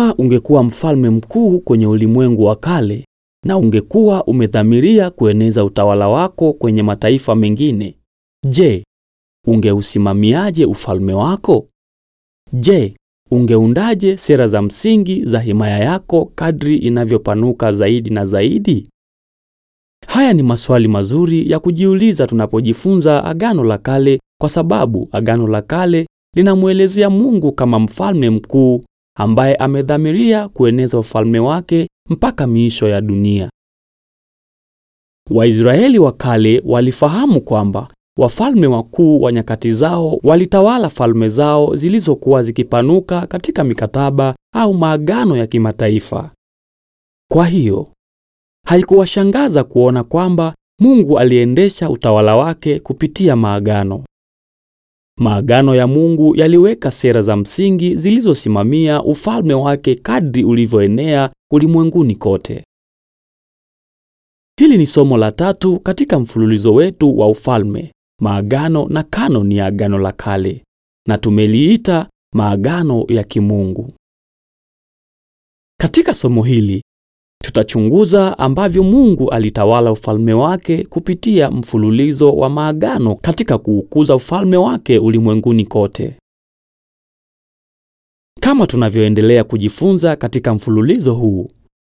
Kama ungekuwa mfalme mkuu kwenye ulimwengu wa kale na ungekuwa umedhamiria kueneza utawala wako kwenye mataifa mengine, je, ungeusimamiaje ufalme wako? Je, ungeundaje sera za msingi za himaya yako kadri inavyopanuka zaidi na zaidi? Haya ni maswali mazuri ya kujiuliza tunapojifunza Agano la Kale, kwa sababu Agano la Kale linamwelezea Mungu kama mfalme mkuu ambaye amedhamiria kueneza ufalme wake mpaka miisho ya dunia. Waisraeli wa kale walifahamu kwamba wafalme wakuu wa nyakati zao walitawala falme zao zilizokuwa zikipanuka katika mikataba au maagano ya kimataifa. Kwa hiyo, haikuwashangaza kuona kwamba Mungu aliendesha utawala wake kupitia maagano. Maagano ya Mungu yaliweka sera za msingi zilizosimamia ufalme wake kadri ulivyoenea ulimwenguni kote. Hili ni somo la tatu katika mfululizo wetu wa ufalme, maagano na kanoni ya Agano la Kale, na tumeliita maagano ya kimungu. Katika somo hili tutachunguza ambavyo Mungu alitawala ufalme wake kupitia mfululizo wa maagano katika kuukuza ufalme wake ulimwenguni kote. Kama tunavyoendelea kujifunza katika mfululizo huu,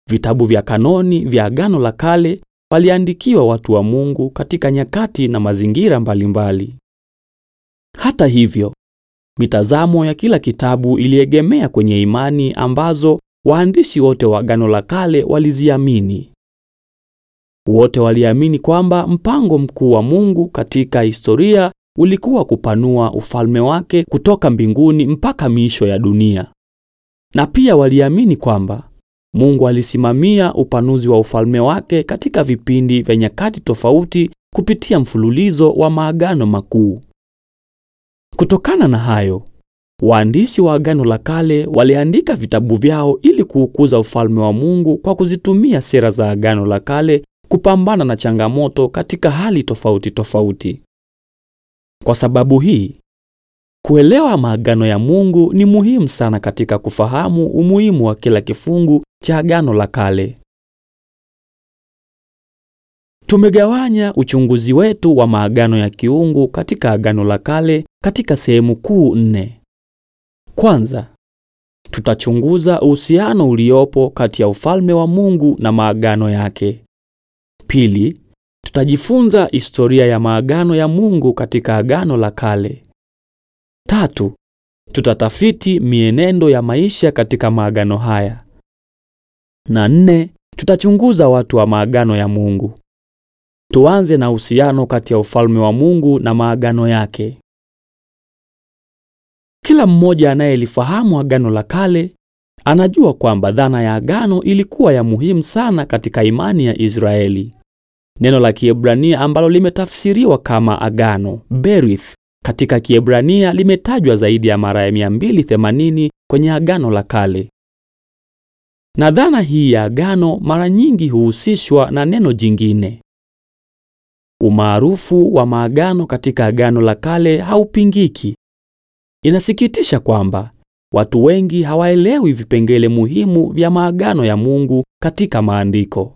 vitabu vya kanoni vya Agano la Kale waliandikiwa watu wa Mungu katika nyakati na mazingira mbalimbali mbali. Hata hivyo, mitazamo ya kila kitabu iliegemea kwenye imani ambazo waandishi wote wa Agano la Kale waliziamini. Wote waliamini kwamba mpango mkuu wa Mungu katika historia ulikuwa kupanua ufalme wake kutoka mbinguni mpaka miisho ya dunia. Na pia waliamini kwamba Mungu alisimamia upanuzi wa ufalme wake katika vipindi vya nyakati tofauti kupitia mfululizo wa maagano makuu. Kutokana na hayo, Waandishi wa Agano la Kale waliandika vitabu vyao ili kuukuza ufalme wa Mungu kwa kuzitumia sera za Agano la Kale kupambana na changamoto katika hali tofauti tofauti. Kwa sababu hii, kuelewa maagano ya Mungu ni muhimu sana katika kufahamu umuhimu wa kila kifungu cha Agano la Kale. Tumegawanya uchunguzi wetu wa maagano ya kiungu katika Agano la Kale katika sehemu kuu nne. Kwanza, tutachunguza uhusiano uliopo kati ya ufalme wa Mungu na maagano yake. Pili, tutajifunza historia ya maagano ya Mungu katika Agano la Kale. Tatu, tutatafiti mienendo ya maisha katika maagano haya. Na nne, tutachunguza watu wa maagano ya Mungu. Tuanze na uhusiano kati ya ufalme wa Mungu na maagano yake. Kila mmoja anayelifahamu Agano la Kale anajua kwamba dhana ya agano ilikuwa ya muhimu sana katika imani ya Israeli. Neno la Kiebrania ambalo limetafsiriwa kama agano, berith, katika Kiebrania limetajwa zaidi ya mara ya 280 kwenye Agano la Kale. Na dhana hii ya agano mara nyingi huhusishwa na neno jingine. Umaarufu wa maagano katika Agano la Kale haupingiki Inasikitisha kwamba watu wengi hawaelewi vipengele muhimu vya maagano ya Mungu katika maandiko.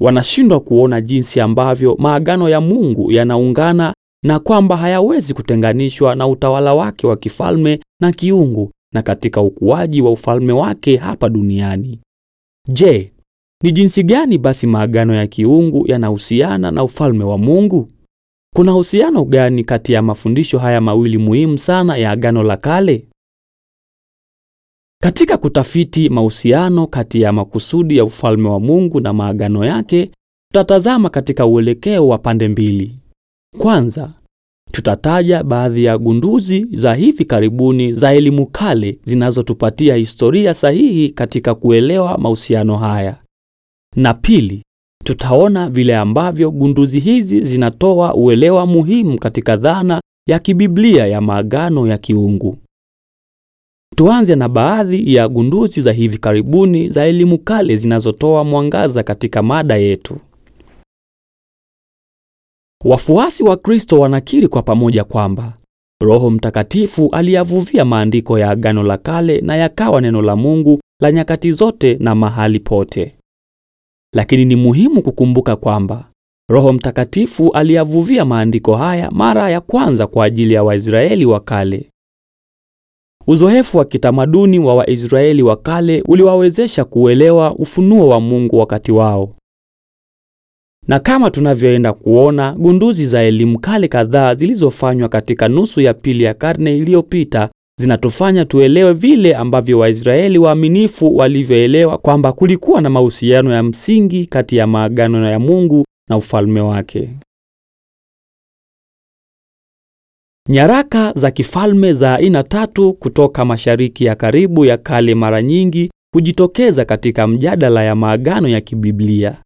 Wanashindwa kuona jinsi ambavyo maagano ya Mungu yanaungana na kwamba hayawezi kutenganishwa na utawala wake wa kifalme na kiungu na katika ukuaji wa ufalme wake hapa duniani. Je, ni jinsi gani basi maagano ya kiungu yanahusiana na ufalme wa Mungu? Kuna uhusiano gani kati ya mafundisho haya mawili muhimu sana ya Agano la Kale? Katika kutafiti mahusiano kati ya makusudi ya ufalme wa Mungu na maagano yake, tutatazama katika uelekeo wa pande mbili. Kwanza, tutataja baadhi ya gunduzi za hivi karibuni za elimu kale zinazotupatia historia sahihi katika kuelewa mahusiano haya. Na pili, tutaona vile ambavyo gunduzi hizi zinatoa uelewa muhimu katika dhana ya kibiblia ya maagano ya kiungu. Tuanze na baadhi ya gunduzi za hivi karibuni za elimu kale zinazotoa mwangaza katika mada yetu. Wafuasi wa Kristo wanakiri kwa pamoja kwamba Roho Mtakatifu aliyavuvia maandiko ya Agano la Kale na yakawa neno la Mungu la nyakati zote na mahali pote lakini ni muhimu kukumbuka kwamba Roho Mtakatifu aliyavuvia maandiko haya mara ya kwanza kwa ajili ya Waisraeli wa kale. Uzoefu wa kitamaduni wa Waisraeli wa kale uliwawezesha kuelewa ufunuo wa Mungu wakati wao. Na kama tunavyoenda kuona, gunduzi za elimu kale kadhaa zilizofanywa katika nusu ya pili ya karne iliyopita zinatufanya tuelewe vile ambavyo Waisraeli waaminifu walivyoelewa kwamba kulikuwa na mahusiano ya msingi kati ya maagano ya Mungu na ufalme wake. Nyaraka za kifalme za aina tatu kutoka Mashariki ya Karibu ya Kale mara nyingi hujitokeza katika mjadala ya maagano ya kibiblia.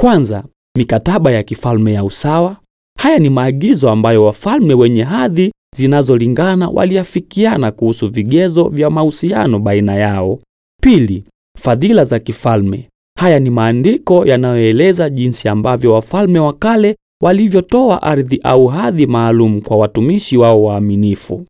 Kwanza, mikataba ya kifalme ya usawa. Haya ni maagizo ambayo wafalme wenye hadhi zinazolingana waliafikiana kuhusu vigezo vya mahusiano baina yao. Pili, fadhila za kifalme. Haya ni maandiko yanayoeleza jinsi ambavyo wafalme wa kale walivyotoa ardhi au hadhi maalum kwa watumishi wao waaminifu.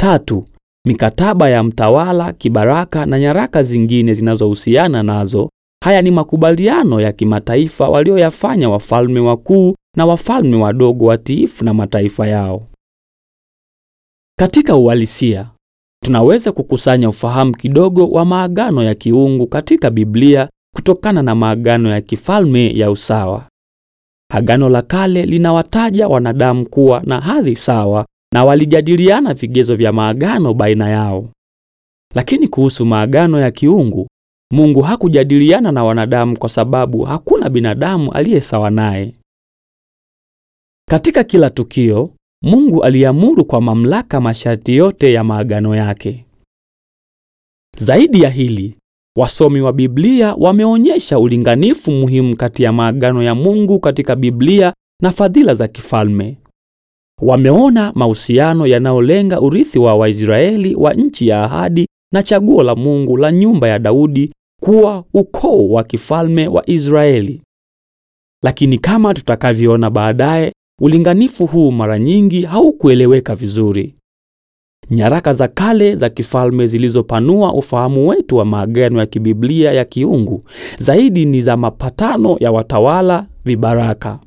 Tatu, mikataba ya mtawala, kibaraka na nyaraka zingine zinazohusiana nazo. Haya ni makubaliano ya kimataifa walioyafanya wafalme wakuu na wafalme wadogo watiifu na mataifa yao. Katika uhalisia, tunaweza kukusanya ufahamu kidogo wa maagano ya kiungu katika Biblia kutokana na maagano ya kifalme ya usawa. Agano la Kale linawataja wanadamu kuwa na hadhi sawa na walijadiliana vigezo vya maagano baina yao. Lakini kuhusu maagano ya kiungu, Mungu hakujadiliana na wanadamu kwa sababu hakuna binadamu aliye sawa naye. Katika kila tukio, Mungu aliamuru kwa mamlaka masharti yote ya maagano yake. Zaidi ya hili, wasomi wa Biblia wameonyesha ulinganifu muhimu kati ya maagano ya Mungu katika Biblia na fadhila za kifalme. Wameona mahusiano yanayolenga urithi wa Waisraeli wa nchi ya ahadi na chaguo la Mungu la nyumba ya Daudi kuwa ukoo wa kifalme wa Israeli. Lakini kama tutakavyoona baadaye, Ulinganifu huu mara nyingi haukueleweka vizuri. Nyaraka za kale za kifalme zilizopanua ufahamu wetu wa maagano ya kibiblia ya kiungu zaidi ni za mapatano ya watawala vibaraka.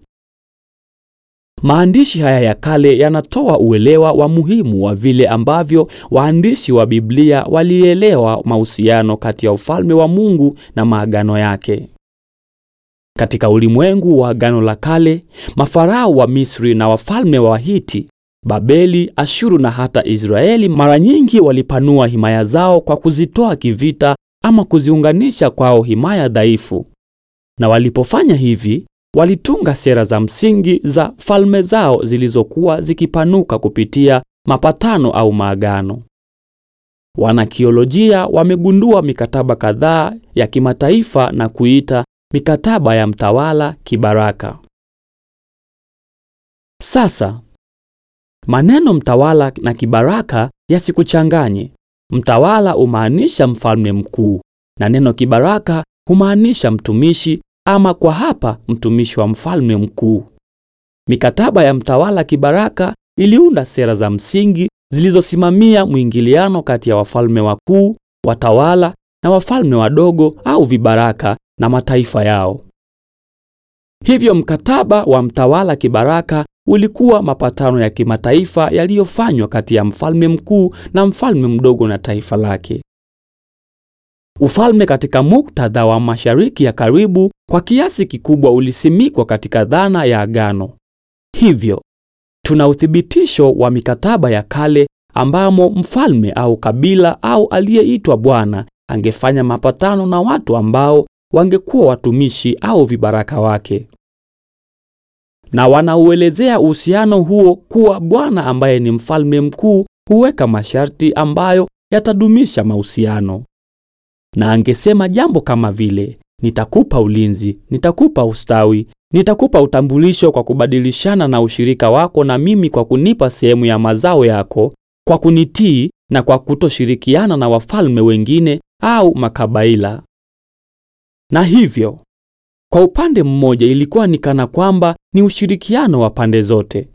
Maandishi haya ya kale yanatoa uelewa wa muhimu wa vile ambavyo waandishi wa Biblia walielewa mahusiano kati ya ufalme wa Mungu na maagano yake. Katika ulimwengu wa Agano la Kale, mafarao wa Misri na wafalme wa Hiti, Babeli, Ashuru na hata Israeli mara nyingi walipanua himaya zao kwa kuzitoa kivita ama kuziunganisha kwao himaya dhaifu. Na walipofanya hivi, walitunga sera za msingi za falme zao zilizokuwa zikipanuka kupitia mapatano au maagano. Wanakiolojia wamegundua mikataba kadhaa ya kimataifa na kuita Mikataba ya mtawala kibaraka. Sasa maneno mtawala na kibaraka yasikuchanganye. Mtawala humaanisha mfalme mkuu na neno kibaraka humaanisha mtumishi, ama kwa hapa mtumishi wa mfalme mkuu. Mikataba ya mtawala kibaraka iliunda sera za msingi zilizosimamia mwingiliano kati ya wafalme wakuu, watawala na wafalme wadogo au vibaraka na mataifa yao. Hivyo mkataba wa mtawala kibaraka ulikuwa mapatano ya kimataifa yaliyofanywa kati ya mfalme mkuu na mfalme mdogo na taifa lake. Ufalme katika muktadha wa Mashariki ya Karibu kwa kiasi kikubwa ulisimikwa katika dhana ya agano. Hivyo tuna uthibitisho wa mikataba ya kale ambamo mfalme au kabila au aliyeitwa bwana angefanya mapatano na watu ambao wangekuwa watumishi au vibaraka wake, na wanauelezea uhusiano huo kuwa Bwana ambaye ni mfalme mkuu huweka masharti ambayo yatadumisha mahusiano, na angesema jambo kama vile nitakupa ulinzi, nitakupa ustawi, nitakupa utambulisho kwa kubadilishana na ushirika wako na mimi, kwa kunipa sehemu ya mazao yako, kwa kunitii na kwa kutoshirikiana na wafalme wengine au makabaila. Na hivyo kwa upande mmoja ilikuwa ni kana kwamba ni ushirikiano wa pande zote.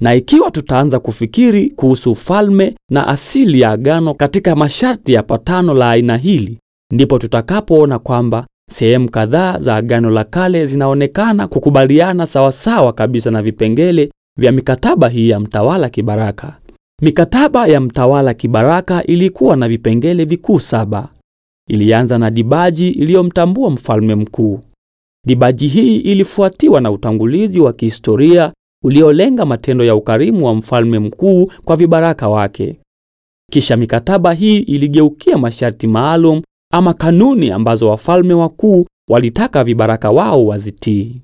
Na ikiwa tutaanza kufikiri kuhusu ufalme na asili ya agano katika masharti ya patano la aina hili, ndipo tutakapoona kwamba sehemu kadhaa za agano la kale zinaonekana kukubaliana sawasawa kabisa na vipengele vya mikataba hii ya mtawala kibaraka. Mikataba ya mtawala kibaraka ilikuwa na vipengele vikuu saba ilianza na dibaji iliyomtambua mfalme mkuu. Dibaji hii ilifuatiwa na utangulizi wa kihistoria uliolenga matendo ya ukarimu wa mfalme mkuu kwa vibaraka wake. Kisha mikataba hii iligeukia masharti maalum ama kanuni ambazo wafalme wakuu walitaka vibaraka wao wazitii.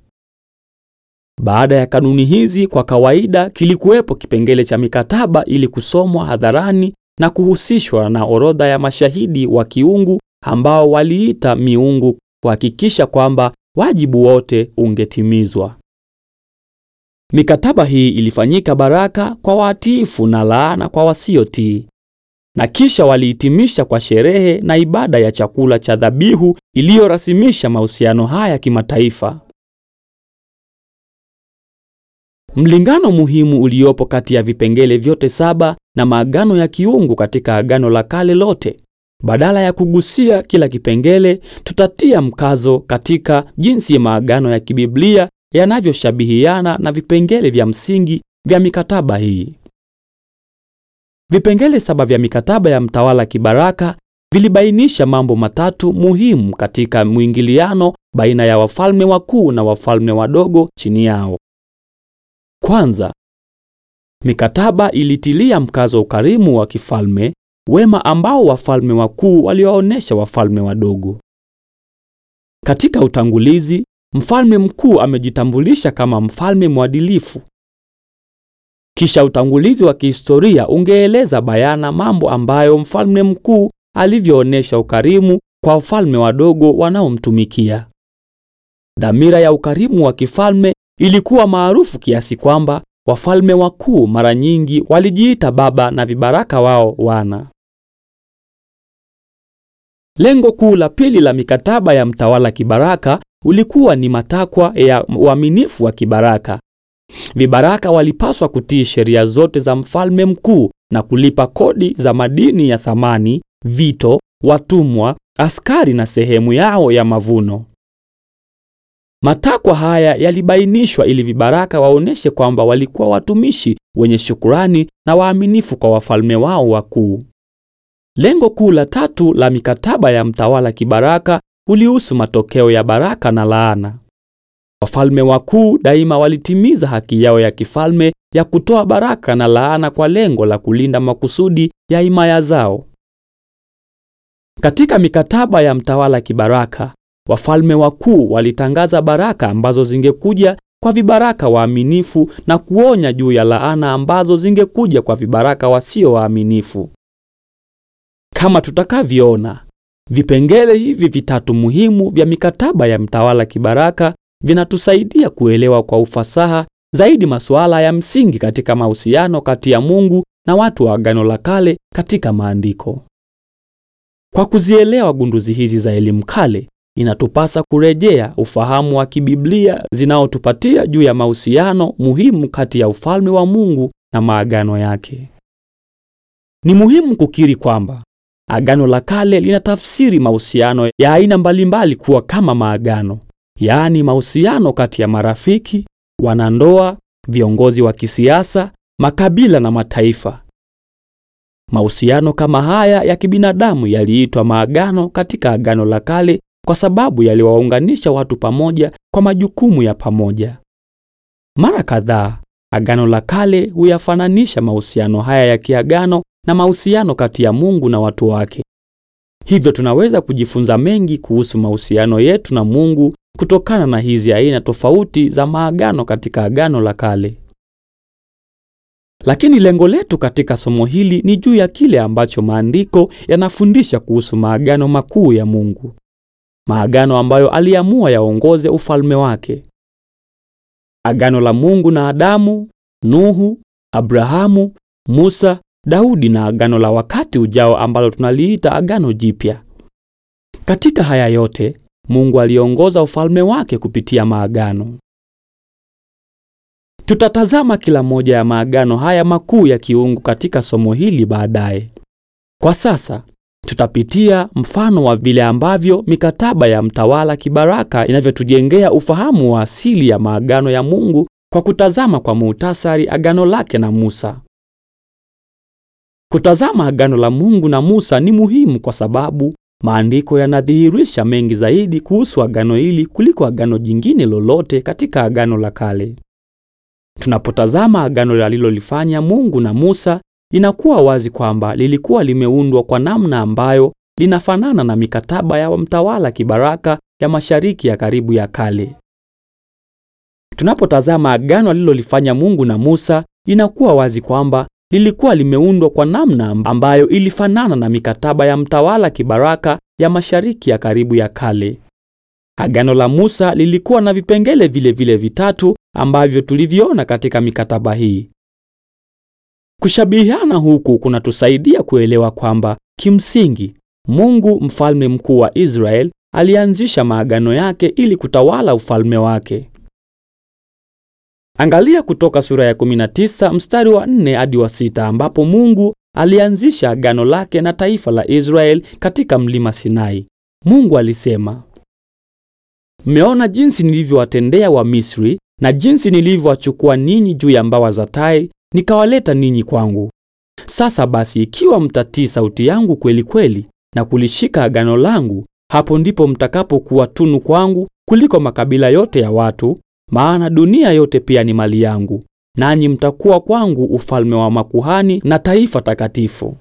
Baada ya kanuni hizi, kwa kawaida kilikuwepo kipengele cha mikataba ili kusomwa hadharani na kuhusishwa na orodha ya mashahidi wa kiungu ambao waliita miungu kuhakikisha kwamba wajibu wote ungetimizwa. Mikataba hii ilifanyika baraka kwa watiifu na laana kwa wasiotii. Na kisha waliitimisha kwa sherehe na ibada ya chakula cha dhabihu iliyorasimisha mahusiano haya kimataifa. Mlingano muhimu uliopo kati ya vipengele vyote saba na maagano ya kiungu katika Agano la Kale lote badala ya kugusia kila kipengele, tutatia mkazo katika jinsi ya maagano ya kibiblia yanavyoshabihiana na vipengele vya msingi vya mikataba hii. Vipengele saba vya mikataba ya mtawala kibaraka vilibainisha mambo matatu muhimu katika mwingiliano baina ya wafalme wakuu na wafalme wadogo chini yao. Kwanza, mikataba ilitilia mkazo ukarimu wa kifalme wema ambao wafalme wakuu waliowaonyesha wafalme wadogo. Katika utangulizi, mfalme mkuu amejitambulisha kama mfalme mwadilifu. Kisha utangulizi wa kihistoria ungeeleza bayana mambo ambayo mfalme mkuu alivyoonyesha ukarimu kwa wafalme wadogo wanaomtumikia. Dhamira ya ukarimu wa kifalme ilikuwa maarufu kiasi kwamba wafalme wakuu mara nyingi walijiita baba na vibaraka wao wana. Lengo kuu la pili la mikataba ya mtawala kibaraka ulikuwa ni matakwa ya uaminifu wa kibaraka. Vibaraka walipaswa kutii sheria zote za mfalme mkuu na kulipa kodi za madini ya thamani, vito, watumwa, askari na sehemu yao ya mavuno. Matakwa haya yalibainishwa ili vibaraka waoneshe kwamba walikuwa watumishi wenye shukurani na waaminifu kwa wafalme wao wakuu. Lengo kuu la tatu la mikataba ya mtawala kibaraka ulihusu matokeo ya baraka na laana. Wafalme wakuu daima walitimiza haki yao ya kifalme ya kutoa baraka na laana kwa lengo la kulinda makusudi ya himaya zao. Katika mikataba ya mtawala kibaraka, wafalme wakuu walitangaza baraka ambazo zingekuja kwa vibaraka waaminifu na kuonya juu ya laana ambazo zingekuja kwa vibaraka wasio waaminifu. Kama tutakavyoona, vipengele hivi vitatu muhimu vya mikataba ya mtawala kibaraka vinatusaidia kuelewa kwa ufasaha zaidi masuala ya msingi katika mahusiano kati ya Mungu na watu wa Agano la Kale katika maandiko. Kwa kuzielewa gunduzi hizi za elimu kale, inatupasa kurejea ufahamu wa kibiblia zinaotupatia juu ya mahusiano muhimu kati ya ufalme wa Mungu na maagano yake. Ni muhimu kukiri kwamba Agano la Kale linatafsiri mahusiano ya aina mbalimbali kuwa kama maagano, yaani mahusiano kati ya marafiki, wanandoa, viongozi wa kisiasa, makabila na mataifa. Mahusiano kama haya ya kibinadamu yaliitwa maagano katika Agano la Kale kwa sababu yaliwaunganisha watu pamoja kwa majukumu ya pamoja. Mara kadhaa Agano la Kale huyafananisha mahusiano haya ya kiagano na mahusiano kati ya Mungu na watu wake. Hivyo tunaweza kujifunza mengi kuhusu mahusiano yetu na Mungu kutokana na hizi aina tofauti za maagano katika Agano la Kale. Lakini lengo letu katika somo hili ni juu ya kile ambacho maandiko yanafundisha kuhusu maagano makuu ya Mungu. Maagano ambayo aliamua yaongoze ufalme wake. Agano la Mungu na Adamu, Nuhu, Abrahamu, Musa Daudi na agano la wakati ujao ambalo tunaliita agano jipya. Katika haya yote, Mungu aliongoza ufalme wake kupitia maagano. Tutatazama kila moja ya maagano haya makuu ya kiungu katika somo hili baadaye. Kwa sasa, tutapitia mfano wa vile ambavyo mikataba ya mtawala kibaraka inavyotujengea ufahamu wa asili ya maagano ya Mungu kwa kutazama kwa muhtasari agano lake na Musa. Kutazama agano la Mungu na Musa ni muhimu kwa sababu maandiko yanadhihirisha mengi zaidi kuhusu agano hili kuliko agano jingine lolote katika agano la kale. Tunapotazama agano alilolifanya Mungu na Musa, inakuwa wazi kwamba lilikuwa limeundwa kwa namna ambayo linafanana na mikataba ya mtawala kibaraka ya Mashariki ya karibu ya kale. Tunapotazama agano alilolifanya Mungu na Musa, inakuwa wazi kwamba lilikuwa limeundwa kwa namna ambayo ilifanana na mikataba ya mtawala kibaraka ya Mashariki ya karibu ya kale. Agano la Musa lilikuwa na vipengele vile vile vitatu ambavyo tulivyoona katika mikataba hii. Kushabihiana huku kunatusaidia kuelewa kwamba kimsingi Mungu mfalme mkuu wa Israel alianzisha maagano yake ili kutawala ufalme wake. Angalia Kutoka sura ya 19 mstari wa 4 hadi wa 6, ambapo Mungu alianzisha agano lake na taifa la Israeli katika mlima Sinai. Mungu alisema, mmeona jinsi nilivyowatendea wa Misri na jinsi nilivyowachukua ninyi juu ya mbawa za tai, nikawaleta ninyi kwangu. Sasa basi, ikiwa mtatii sauti yangu kweli kweli na kulishika agano langu, hapo ndipo mtakapokuwa tunu kwangu kuliko makabila yote ya watu maana dunia yote pia ni mali yangu, nanyi mtakuwa kwangu ufalme wa makuhani na taifa takatifu.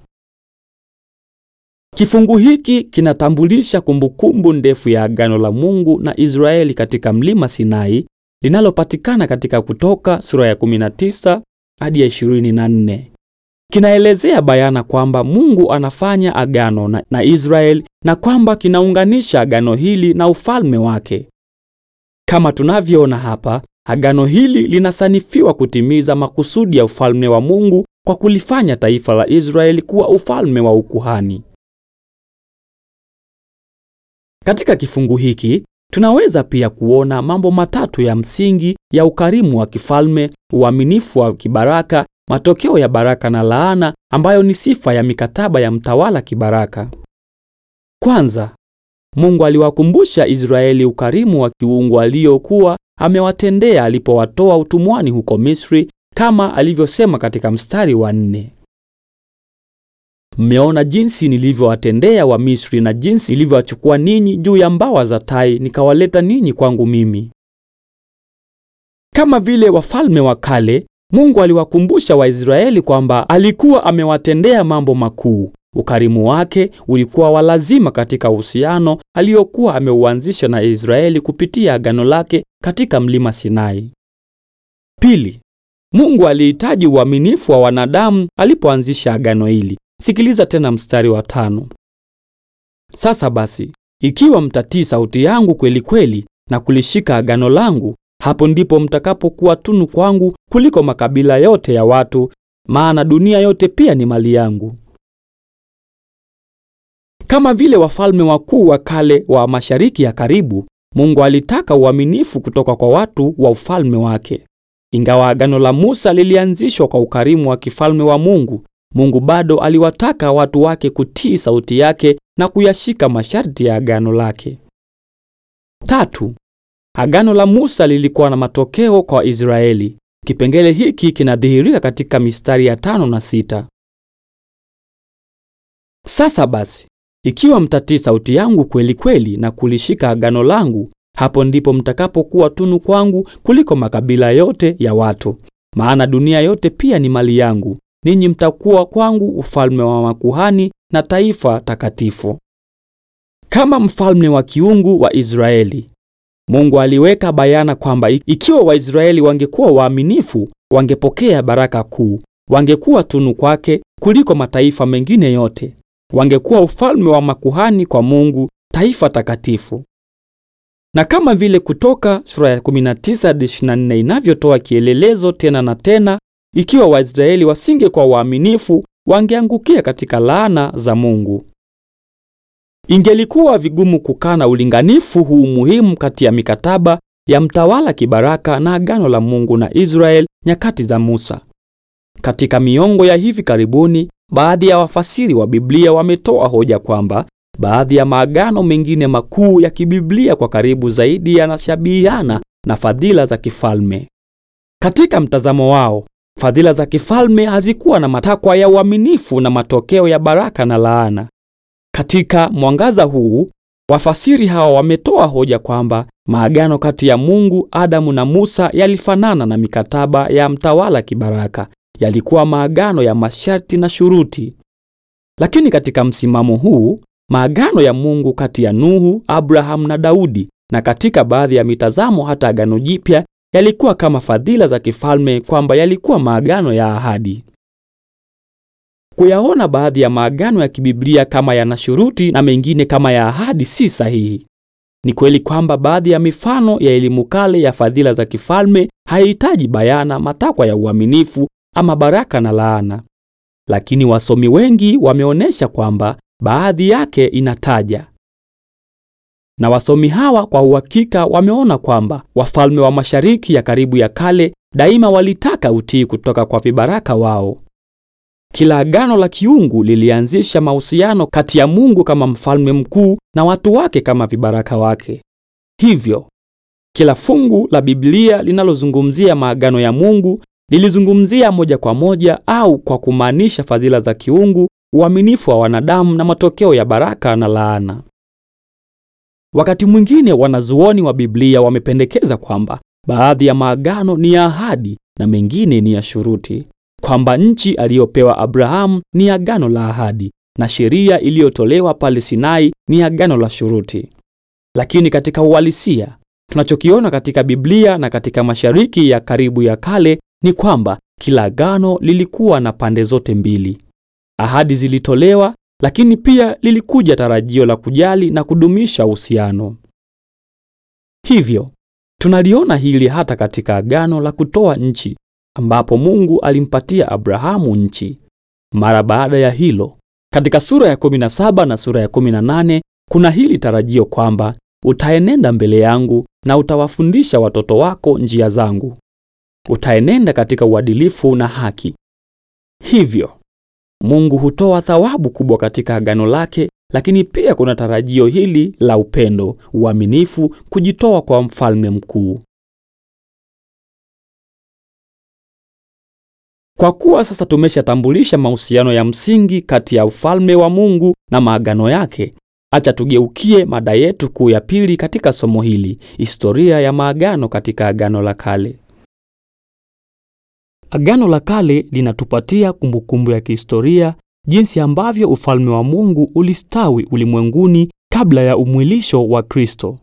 Kifungu hiki kinatambulisha kumbukumbu ndefu ya agano la Mungu na Israeli katika mlima Sinai linalopatikana katika Kutoka sura ya 19 hadi ya 24. Kinaelezea bayana kwamba Mungu anafanya agano na, na Israeli na kwamba kinaunganisha agano hili na ufalme wake. Kama tunavyoona hapa, agano hili linasanifiwa kutimiza makusudi ya ufalme wa Mungu kwa kulifanya taifa la Israeli kuwa ufalme wa ukuhani. Katika kifungu hiki tunaweza pia kuona mambo matatu ya msingi ya ukarimu wa kifalme, uaminifu wa kibaraka, matokeo ya baraka na laana, ambayo ni sifa ya mikataba ya mtawala kibaraka. Kwanza, Mungu aliwakumbusha Israeli ukarimu wa kiungu aliokuwa amewatendea alipowatoa utumwani huko Misri kama alivyosema katika mstari wa nne. Mmeona jinsi nilivyowatendea Wamisri na jinsi nilivyowachukua ninyi juu ya mbawa za tai nikawaleta ninyi kwangu mimi. Kama vile wafalme wa kale, Mungu aliwakumbusha Waisraeli kwamba alikuwa amewatendea mambo makuu Ukarimu wake ulikuwa wa lazima katika uhusiano aliyokuwa ameuanzisha na Israeli kupitia agano lake katika mlima Sinai. Pili, Mungu alihitaji uaminifu wa wanadamu alipoanzisha agano hili. Sikiliza tena mstari wa tano. Sasa basi, ikiwa mtatii sauti yangu kweli kweli na kulishika agano langu, hapo ndipo mtakapokuwa tunu kwangu kuliko makabila yote ya watu, maana dunia yote pia ni mali yangu. Kama vile wafalme wakuu wa kale wa Mashariki ya Karibu, Mungu alitaka uaminifu kutoka kwa watu wa ufalme wake. Ingawa agano la Musa lilianzishwa kwa ukarimu wa kifalme wa Mungu, Mungu bado aliwataka watu wake kutii sauti yake na kuyashika masharti ya agano lake. Tatu, agano la Musa lilikuwa na matokeo kwa Israeli. Kipengele hiki kinadhihirika katika mistari ya tano na sita. Sasa basi, ikiwa mtatii sauti yangu kweli kweli na kulishika agano langu, hapo ndipo mtakapokuwa tunu kwangu kuliko makabila yote ya watu, maana dunia yote pia ni mali yangu. Ninyi mtakuwa kwangu ufalme wa makuhani na taifa takatifu. Kama mfalme wa kiungu wa Israeli, Mungu aliweka bayana kwamba ikiwa Waisraeli wangekuwa waaminifu, wangepokea baraka kuu, wangekuwa tunu kwake kuliko mataifa mengine yote wangekuwa ufalme wa makuhani kwa Mungu, taifa takatifu. Na kama vile Kutoka sura ya 1924 inavyotoa kielelezo tena na tena, ikiwa Waisraeli wasingekuwa waaminifu, wangeangukia katika laana za Mungu. Ingelikuwa vigumu kukana ulinganifu huu muhimu kati ya mikataba ya mtawala kibaraka na agano la Mungu na Israeli nyakati za Musa. Katika miongo ya hivi karibuni, Baadhi ya wafasiri wa Biblia wametoa hoja kwamba baadhi ya maagano mengine makuu ya kibiblia kwa karibu zaidi yanashabihiana na fadhila za kifalme. Katika mtazamo wao, fadhila za kifalme hazikuwa na matakwa ya uaminifu na matokeo ya baraka na laana. Katika mwangaza huu, wafasiri hawa wametoa hoja kwamba maagano kati ya Mungu, Adamu na Musa yalifanana na mikataba ya mtawala kibaraka yalikuwa maagano ya masharti na shuruti. Lakini katika msimamo huu, maagano ya Mungu kati ya Nuhu, Abraham na Daudi, na katika baadhi ya mitazamo hata Agano Jipya, yalikuwa kama fadhila za kifalme, kwamba yalikuwa maagano ya ahadi. Kuyaona baadhi ya maagano ya kibiblia kama yana shuruti na mengine kama ya ahadi si sahihi. Ni kweli kwamba baadhi ya mifano ya elimu kale ya fadhila za kifalme haihitaji bayana matakwa ya uaminifu ama baraka na laana, lakini wasomi wengi wameonyesha kwamba baadhi yake inataja. Na wasomi hawa kwa uhakika wameona kwamba wafalme wa mashariki ya karibu ya kale daima walitaka utii kutoka kwa vibaraka wao. Kila agano la kiungu lilianzisha mahusiano kati ya Mungu kama mfalme mkuu na watu wake kama vibaraka wake. Hivyo, kila fungu la Biblia linalozungumzia maagano ya Mungu Nilizungumzia moja kwa moja au kwa kumaanisha fadhila za kiungu, uaminifu wa wanadamu na matokeo ya baraka na laana. Wakati mwingine wanazuoni wa Biblia wamependekeza kwamba baadhi ya maagano ni ya ahadi na mengine ni ya shuruti, kwamba nchi aliyopewa Abrahamu ni agano la ahadi na sheria iliyotolewa pale Sinai ni agano la shuruti. Lakini katika uhalisia tunachokiona katika Biblia na katika mashariki ya karibu ya kale ni kwamba kila agano lilikuwa na pande zote mbili. Ahadi zilitolewa, lakini pia lilikuja tarajio la kujali na kudumisha uhusiano. Hivyo tunaliona hili hata katika agano la kutoa nchi, ambapo Mungu alimpatia Abrahamu nchi. Mara baada ya hilo, katika sura ya 17 na sura ya 18 kuna hili tarajio kwamba utaenenda mbele yangu na utawafundisha watoto wako njia zangu utaenenda katika uadilifu na haki. Hivyo Mungu hutoa thawabu kubwa katika agano lake, lakini pia kuna tarajio hili la upendo, uaminifu, kujitoa kwa mfalme mkuu. Kwa kuwa sasa tumeshatambulisha mahusiano ya msingi kati ya ufalme wa Mungu na maagano yake, acha tugeukie mada yetu kuu ya pili katika somo hili, historia ya maagano katika agano la kale. Agano la Kale linatupatia kumbukumbu ya kihistoria jinsi ambavyo ufalme wa Mungu ulistawi ulimwenguni kabla ya umwilisho wa Kristo.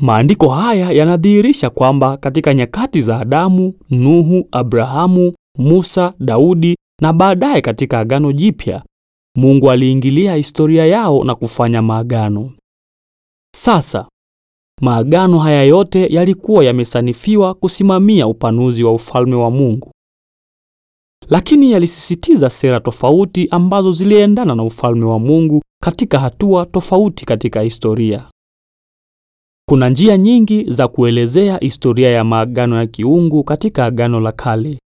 Maandiko haya yanadhihirisha kwamba katika nyakati za Adamu, Nuhu, Abrahamu, Musa, Daudi na baadaye katika Agano Jipya, Mungu aliingilia historia yao na kufanya maagano. Sasa Maagano haya yote yalikuwa yamesanifiwa kusimamia upanuzi wa ufalme wa Mungu, lakini yalisisitiza sera tofauti ambazo ziliendana na ufalme wa Mungu katika hatua tofauti katika historia. Kuna njia nyingi za kuelezea historia ya maagano ya kiungu katika Agano la Kale,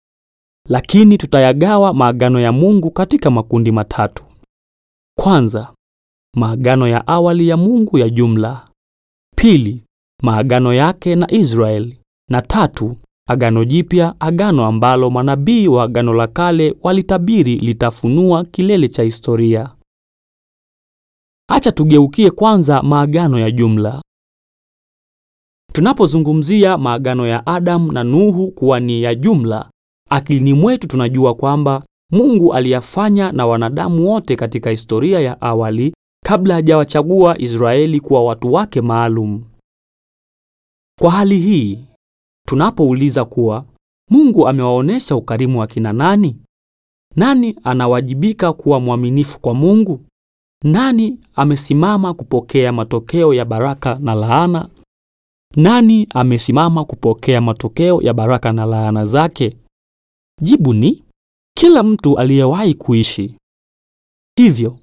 lakini tutayagawa maagano ya Mungu katika makundi matatu. Kwanza, maagano ya awali ya Mungu ya jumla pili, maagano yake na Israeli, na tatu, agano jipya, agano ambalo manabii wa agano la kale walitabiri litafunua kilele cha historia. Acha tugeukie kwanza maagano ya jumla. Tunapozungumzia maagano ya Adamu na Nuhu kuwa ni ya jumla, akilini mwetu tunajua kwamba Mungu aliyafanya na wanadamu wote katika historia ya awali kabla hajawachagua Israeli kuwa watu wake maalum. Kwa hali hii, tunapouliza kuwa Mungu amewaonesha ukarimu wa kina nani? Nani anawajibika kuwa mwaminifu kwa Mungu? Nani amesimama kupokea matokeo ya baraka na laana? Nani amesimama kupokea matokeo ya baraka na laana zake? Jibu ni kila mtu aliyewahi kuishi. Hivyo,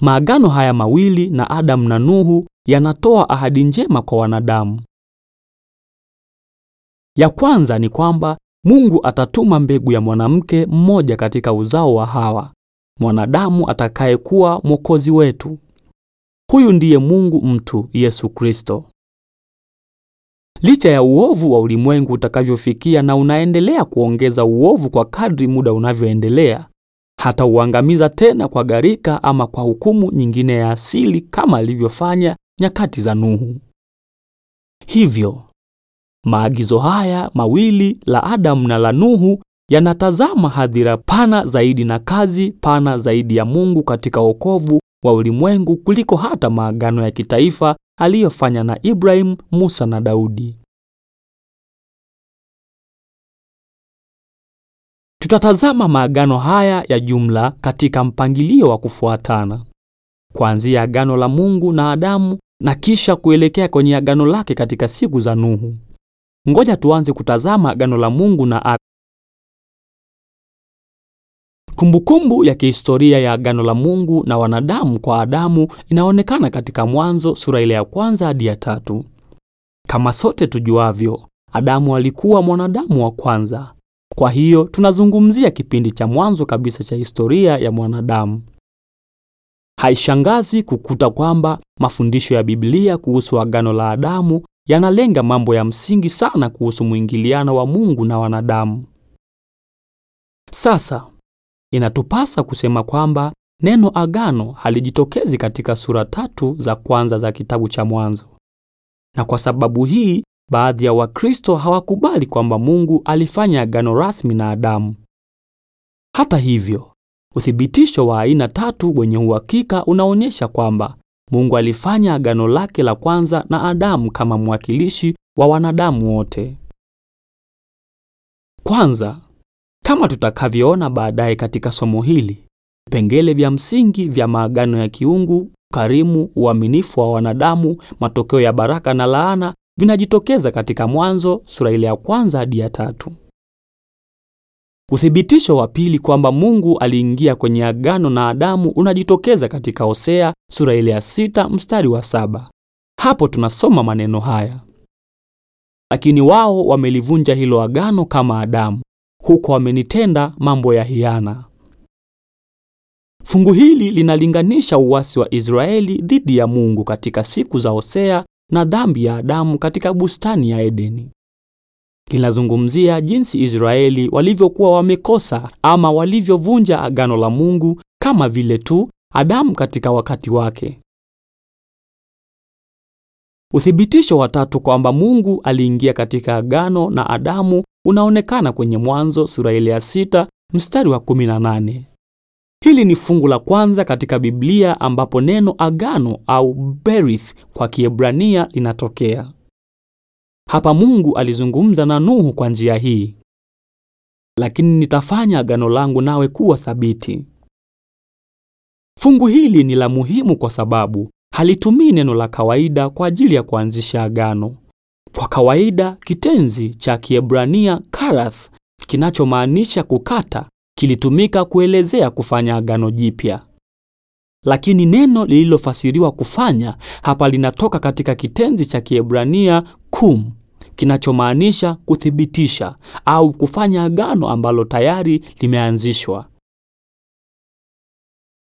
Maagano haya mawili na Adamu na Nuhu yanatoa ahadi njema kwa wanadamu. Ya kwanza ni kwamba Mungu atatuma mbegu ya mwanamke mmoja katika uzao wa Hawa, mwanadamu atakayekuwa mwokozi wetu. Huyu ndiye Mungu mtu Yesu Kristo. Licha ya uovu wa ulimwengu utakavyofikia na unaendelea kuongeza uovu kwa kadri muda unavyoendelea, hatauangamiza tena kwa gharika ama kwa hukumu nyingine ya asili kama alivyofanya nyakati za Nuhu. Hivyo maagizo haya mawili la Adamu na la Nuhu yanatazama hadhira pana zaidi na kazi pana zaidi ya Mungu katika wokovu wa ulimwengu kuliko hata maagano ya kitaifa aliyofanya na Ibrahim, Musa na Daudi. Tutatazama maagano haya ya jumla katika mpangilio wa kufuatana, kuanzia agano la Mungu na Adamu na kisha kuelekea kwenye agano lake katika siku za Nuhu. Ngoja tuanze kutazama agano la Mungu na Adamu. Kumbukumbu ya kihistoria ya agano la Mungu na wanadamu kwa Adamu inaonekana katika Mwanzo sura ile ya kwanza hadi ya tatu. Kama sote tujuavyo, Adamu alikuwa mwanadamu wa kwanza, kwa hiyo tunazungumzia kipindi cha mwanzo kabisa cha historia ya mwanadamu. Haishangazi kukuta kwamba mafundisho ya Biblia kuhusu agano la Adamu yanalenga mambo ya msingi sana kuhusu mwingiliano wa Mungu na wanadamu. Sasa inatupasa kusema kwamba neno agano halijitokezi katika sura tatu za kwanza za kitabu cha Mwanzo, na kwa sababu hii Baadhi ya Wakristo hawakubali kwamba Mungu alifanya agano rasmi na Adamu. Hata hivyo, uthibitisho wa aina tatu wenye uhakika unaonyesha kwamba Mungu alifanya agano lake la kwanza na Adamu kama mwakilishi wa wanadamu wote. Kwanza, kama tutakavyoona baadaye katika somo hili, vipengele vya msingi vya maagano ya kiungu, ukarimu, uaminifu wa wanadamu, matokeo ya baraka na laana vinajitokeza katika Mwanzo sura ile ya kwanza hadi ya tatu. Uthibitisho wa pili kwamba Mungu aliingia kwenye agano na Adamu unajitokeza katika Hosea sura ile ya sita mstari wa saba. Hapo tunasoma maneno haya: lakini wao wamelivunja hilo agano kama Adamu, huko wamenitenda mambo ya hiana. Fungu hili linalinganisha uwasi wa Israeli dhidi ya Mungu katika siku za Hosea na dhambi ya Adamu katika bustani ya Edeni. Linazungumzia jinsi Israeli walivyokuwa wamekosa ama walivyovunja agano la Mungu kama vile tu Adamu katika wakati wake. Uthibitisho wa tatu kwamba Mungu aliingia katika agano na Adamu unaonekana kwenye Mwanzo sura ile ya sita mstari wa 18. Hili ni fungu la kwanza katika Biblia ambapo neno agano au berith kwa Kiebrania linatokea. Hapa Mungu alizungumza na Nuhu kwa njia hii. Lakini nitafanya agano langu nawe kuwa thabiti. Fungu hili ni la muhimu kwa sababu halitumii neno la kawaida kwa ajili ya kuanzisha agano. Kwa kawaida, kitenzi cha Kiebrania karath kinachomaanisha kukata kilitumika kuelezea kufanya agano jipya. Lakini neno lililofasiriwa kufanya hapa linatoka katika kitenzi cha Kiebrania kum kinachomaanisha kuthibitisha au kufanya agano ambalo tayari limeanzishwa.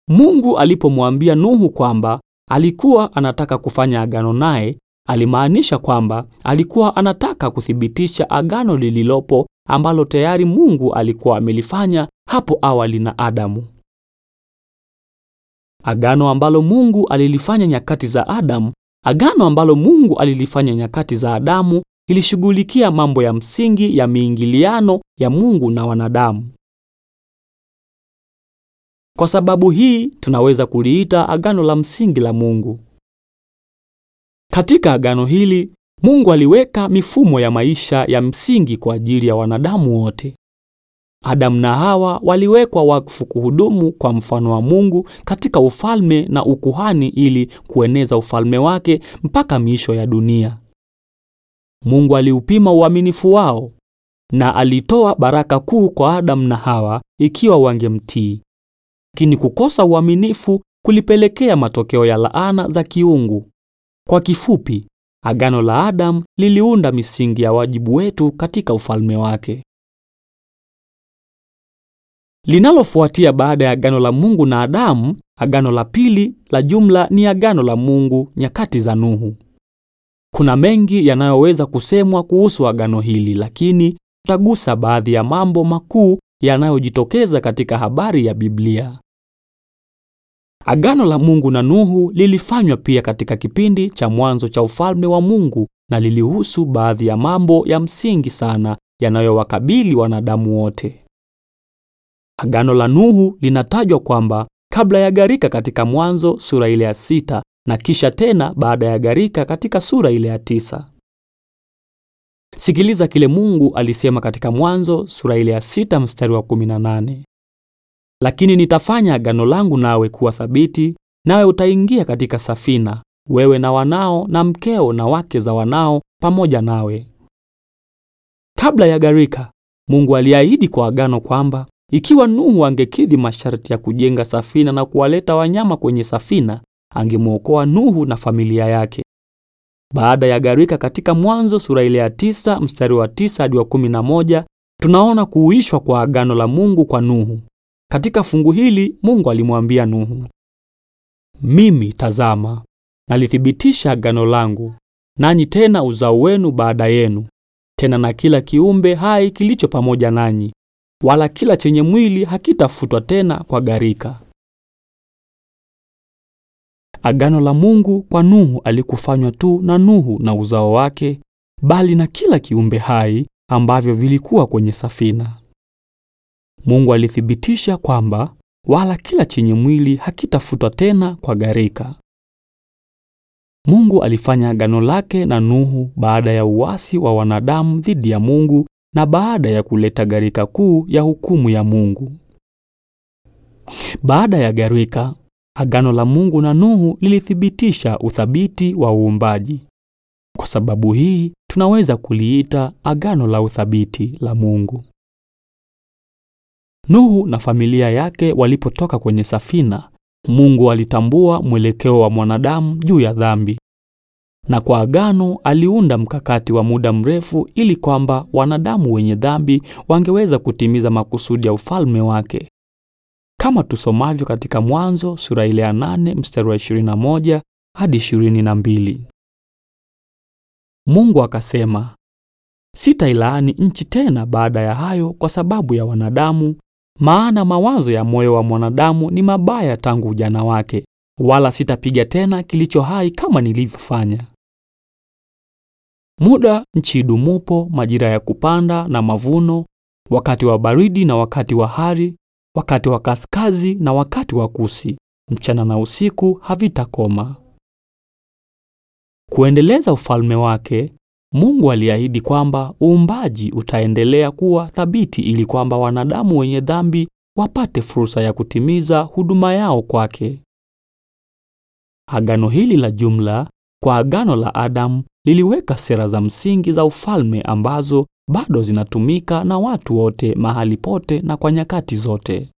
Mungu alipomwambia Nuhu kwamba alikuwa anataka kufanya agano naye, alimaanisha kwamba alikuwa anataka kuthibitisha agano lililopo ambalo tayari Mungu alikuwa amelifanya hapo awali na Adamu. Agano ambalo Mungu alilifanya nyakati za Adamu, agano ambalo Mungu alilifanya nyakati za Adamu ilishughulikia mambo ya msingi ya miingiliano ya Mungu na wanadamu. Kwa sababu hii tunaweza kuliita agano la msingi la Mungu. Katika agano hili Mungu aliweka mifumo ya maisha ya msingi kwa ajili ya wanadamu wote. Adamu na Hawa waliwekwa wakfu kuhudumu kwa mfano wa Mungu katika ufalme na ukuhani ili kueneza ufalme wake mpaka miisho ya dunia. Mungu aliupima uaminifu wao na alitoa baraka kuu kwa Adamu na Hawa ikiwa wangemtii. Lakini kukosa uaminifu kulipelekea matokeo ya laana za kiungu. Kwa kifupi, Agano la Adam liliunda misingi ya wajibu wetu katika ufalme wake. Linalofuatia baada ya agano la Mungu na Adamu, agano la pili la jumla ni agano la Mungu nyakati za Nuhu. Kuna mengi yanayoweza kusemwa kuhusu agano hili, lakini tutagusa baadhi ya mambo makuu yanayojitokeza katika habari ya Biblia. Agano la Mungu na Nuhu lilifanywa pia katika kipindi cha mwanzo cha ufalme wa Mungu na lilihusu baadhi ya mambo ya msingi sana yanayowakabili wanadamu wote. Agano la Nuhu linatajwa kwamba kabla ya gharika katika Mwanzo sura ile ya sita na kisha tena baada ya gharika katika sura ile ya tisa. Sikiliza kile Mungu alisema katika Mwanzo sura ile ya sita mstari wa lakini nitafanya agano langu nawe kuwa thabiti, nawe utaingia katika safina, wewe na wanao na mkeo na wake za wanao pamoja nawe. Kabla ya gharika, Mungu aliahidi kwa agano kwamba ikiwa Nuhu angekidhi masharti ya kujenga safina na kuwaleta wanyama kwenye safina, angemwokoa Nuhu na familia yake. Baada ya gharika, katika Mwanzo sura ile ya tisa mstari wa tisa hadi wa kumi na moja tunaona kuuishwa kwa agano la Mungu kwa Nuhu. Katika fungu hili Mungu alimwambia Nuhu, mimi tazama, nalithibitisha agano langu nanyi tena uzao wenu baada yenu, tena na kila kiumbe hai kilicho pamoja nanyi, wala kila chenye mwili hakitafutwa tena kwa gharika. Agano la Mungu kwa Nuhu alikufanywa tu na Nuhu na uzao wake, bali na kila kiumbe hai ambavyo vilikuwa kwenye safina. Mungu alithibitisha kwamba wala kila chenye mwili hakitafutwa tena kwa gharika. Mungu alifanya agano lake na Nuhu baada ya uasi wa wanadamu dhidi ya Mungu na baada ya kuleta gharika kuu ya hukumu ya Mungu. Baada ya gharika, agano la Mungu na Nuhu lilithibitisha uthabiti wa uumbaji. Kwa sababu hii tunaweza kuliita agano la uthabiti la Mungu. Nuhu na familia yake walipotoka kwenye safina, Mungu alitambua mwelekeo wa mwanadamu juu ya dhambi, na kwa agano aliunda mkakati wa muda mrefu ili kwamba wanadamu wenye dhambi wangeweza kutimiza makusudi ya ufalme wake. Kama tusomavyo katika Mwanzo sura ile ya 8 mstari wa 21 hadi 22. Mungu akasema, sitailaani nchi tena baada ya hayo kwa sababu ya wanadamu maana mawazo ya moyo wa mwanadamu ni mabaya tangu ujana wake, wala sitapiga tena kilicho hai kama nilivyofanya. Muda nchi idumupo, majira ya kupanda na mavuno, wakati wa baridi na wakati wa hari, wakati wa kaskazi na wakati wa kusi, mchana na usiku havitakoma. Kuendeleza ufalme wake Mungu aliahidi kwamba uumbaji utaendelea kuwa thabiti ili kwamba wanadamu wenye dhambi wapate fursa ya kutimiza huduma yao kwake. Agano hili la jumla kwa agano la Adamu liliweka sera za msingi za ufalme ambazo bado zinatumika na watu wote mahali pote na kwa nyakati zote.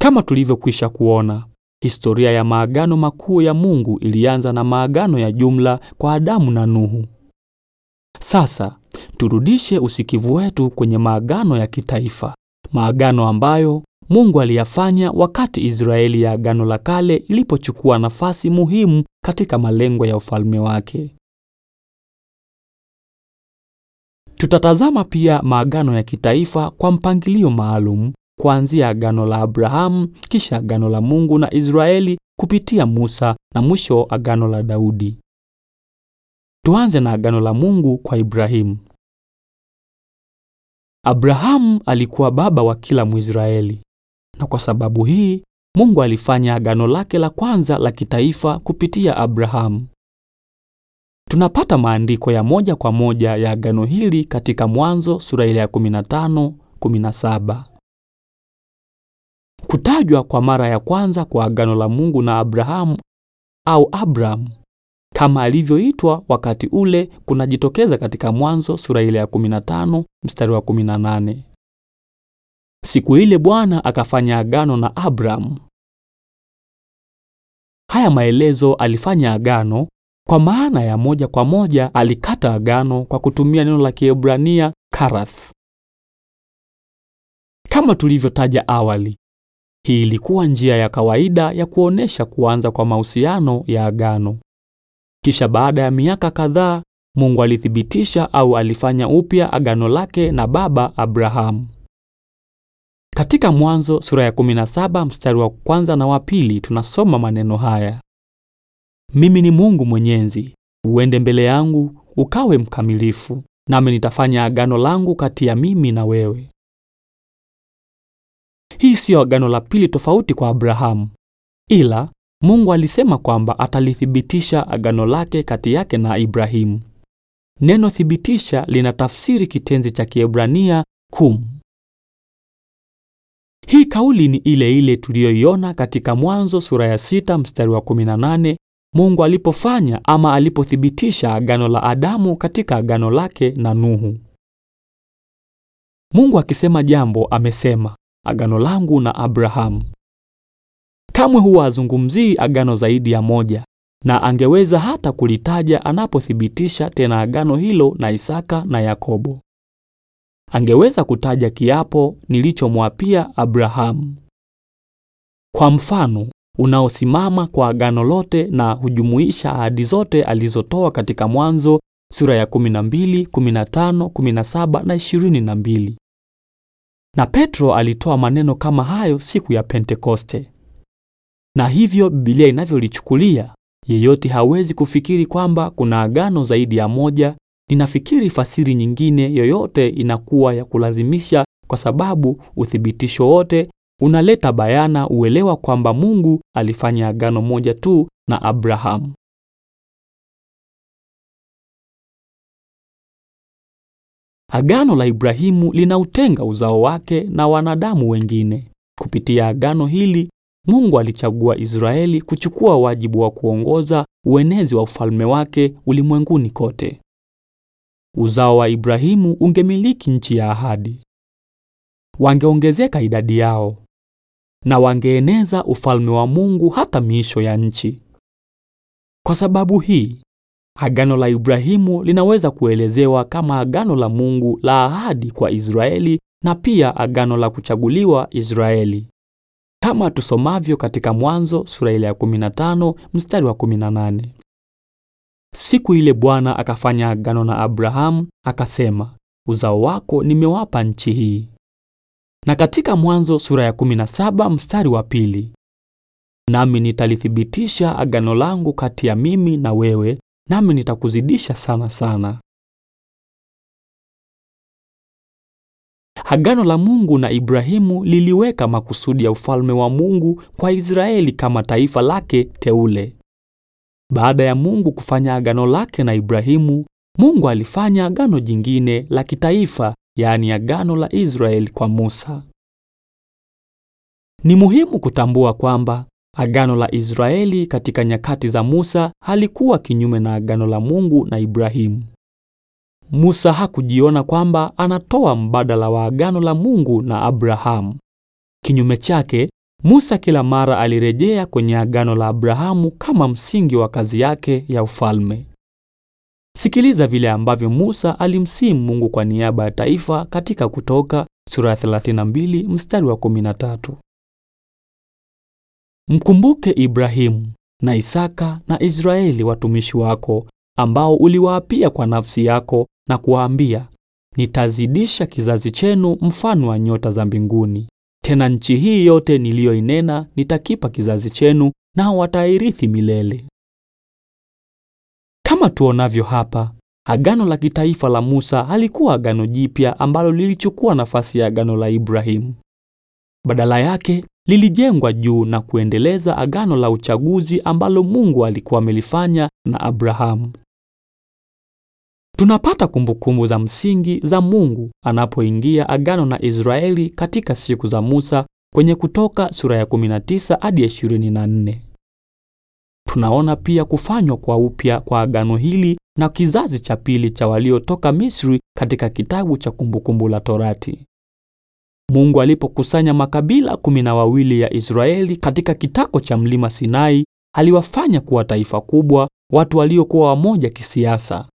Kama tulivyokwisha kuona, Historia ya maagano makuu ya Mungu ilianza na maagano ya jumla kwa Adamu na Nuhu. Sasa turudishe usikivu wetu kwenye maagano ya kitaifa, maagano ambayo Mungu aliyafanya wakati Israeli ya Agano la Kale ilipochukua nafasi muhimu katika malengo ya ufalme wake. Tutatazama pia maagano ya kitaifa kwa mpangilio maalum kuanzia agano la Abrahamu, kisha agano la Mungu na Israeli kupitia Musa na mwisho agano la Daudi. Tuanze na agano la Mungu kwa Ibrahimu. Abrahamu alikuwa baba wa kila Mwisraeli. Na kwa sababu hii, Mungu alifanya agano lake la kwanza la kitaifa kupitia Abrahamu. Tunapata maandiko ya moja kwa moja ya agano hili katika Mwanzo sura ile ya 15, 17. Kutajwa kwa mara ya kwanza kwa agano la Mungu na Abrahamu au Abram kama alivyoitwa wakati ule kunajitokeza katika Mwanzo sura ile ya 15 mstari wa 18. Siku ile Bwana akafanya agano na Abram. Haya maelezo alifanya agano kwa maana ya moja kwa moja alikata agano kwa kutumia neno la Kiebrania karath. Kama tulivyotaja awali, hii ilikuwa njia ya kawaida ya kuonesha kuanza kwa mahusiano ya agano. Kisha baada ya miaka kadhaa, Mungu alithibitisha au alifanya upya agano lake na baba Abrahamu. Katika Mwanzo sura ya 17 mstari wa kwanza na wa pili tunasoma maneno haya: mimi ni Mungu Mwenyezi, uende mbele yangu ukawe mkamilifu, nami nitafanya agano langu kati ya mimi na wewe hii siyo agano la pili tofauti kwa Abrahamu, ila Mungu alisema kwamba atalithibitisha agano lake kati yake na Ibrahimu. Neno thibitisha linatafsiri kitenzi cha Kiebrania kum. Hii kauli ni ile ile tuliyoiona katika Mwanzo sura ya sita mstari wa 18 Mungu alipofanya ama alipothibitisha agano la Adamu katika agano lake na Nuhu. Mungu akisema jambo amesema, agano langu na Abrahamu. Kamwe huwa azungumzii agano zaidi ya moja, na angeweza hata kulitaja anapothibitisha tena agano hilo na Isaka na Yakobo. Angeweza kutaja kiapo nilichomwapia Abrahamu, kwa mfano unaosimama kwa agano lote na hujumuisha ahadi zote alizotoa katika Mwanzo sura ya 12, 15, 17 na 22 na Petro alitoa maneno kama hayo siku ya Pentekoste. Na hivyo Biblia inavyolichukulia, yeyote hawezi kufikiri kwamba kuna agano zaidi ya moja. Ninafikiri fasiri nyingine yoyote inakuwa ya kulazimisha, kwa sababu uthibitisho wote unaleta bayana uelewa kwamba Mungu alifanya agano moja tu na Abrahamu. Agano la Ibrahimu linautenga uzao wake na wanadamu wengine. Kupitia agano hili, Mungu alichagua Israeli kuchukua wajibu wa kuongoza uenezi wa ufalme wake ulimwenguni kote. Uzao wa Ibrahimu ungemiliki nchi ya ahadi. Wangeongezeka idadi yao na wangeeneza ufalme wa Mungu hata miisho ya nchi. Kwa sababu hii, Agano la Ibrahimu linaweza kuelezewa kama agano la Mungu la ahadi kwa Israeli na pia agano la kuchaguliwa Israeli. Kama tusomavyo katika Mwanzo sura ile ya 15 mstari wa 18. Siku ile Bwana akafanya agano na Abrahamu akasema, uzao wako nimewapa nchi hii. Na katika Mwanzo sura ya 17 mstari wa pili, nami nitalithibitisha agano langu kati ya mimi na wewe nami nitakuzidisha sana sana. Agano la Mungu na Ibrahimu liliweka makusudi ya ufalme wa Mungu kwa Israeli kama taifa lake teule. Baada ya Mungu kufanya agano lake na Ibrahimu, Mungu alifanya agano jingine la kitaifa, yaani agano la Israeli kwa Musa. Ni muhimu kutambua kwamba Agano la Israeli katika nyakati za Musa halikuwa kinyume na agano la Mungu na Ibrahimu. Musa hakujiona kwamba anatoa mbadala wa agano la Mungu na Abrahamu. Kinyume chake, Musa kila mara alirejea kwenye agano la Abrahamu kama msingi wa kazi yake ya ufalme. Sikiliza vile ambavyo Musa alimsii Mungu kwa niaba ya taifa katika Kutoka sura ya 32 mstari wa 13. Mkumbuke Ibrahimu na Isaka na Israeli watumishi wako ambao uliwaapia kwa nafsi yako na kuwaambia, nitazidisha kizazi chenu mfano wa nyota za mbinguni. Tena nchi hii yote niliyoinena nitakipa kizazi chenu, nao watairithi milele. Kama tuonavyo hapa, agano la kitaifa la Musa halikuwa agano jipya ambalo lilichukua nafasi ya agano la Ibrahimu. Badala yake, lilijengwa juu na kuendeleza agano la uchaguzi ambalo Mungu alikuwa amelifanya na Abrahamu. Tunapata kumbukumbu za msingi za Mungu anapoingia agano na Israeli katika siku za Musa kwenye Kutoka sura ya 19 hadi 24. Tunaona pia kufanywa kwa upya kwa agano hili na kizazi cha pili cha waliotoka Misri katika kitabu cha Kumbukumbu la Torati. Mungu alipokusanya makabila kumi na wawili ya Israeli katika kitako cha mlima Sinai, aliwafanya kuwa taifa kubwa, watu waliokuwa wamoja kisiasa.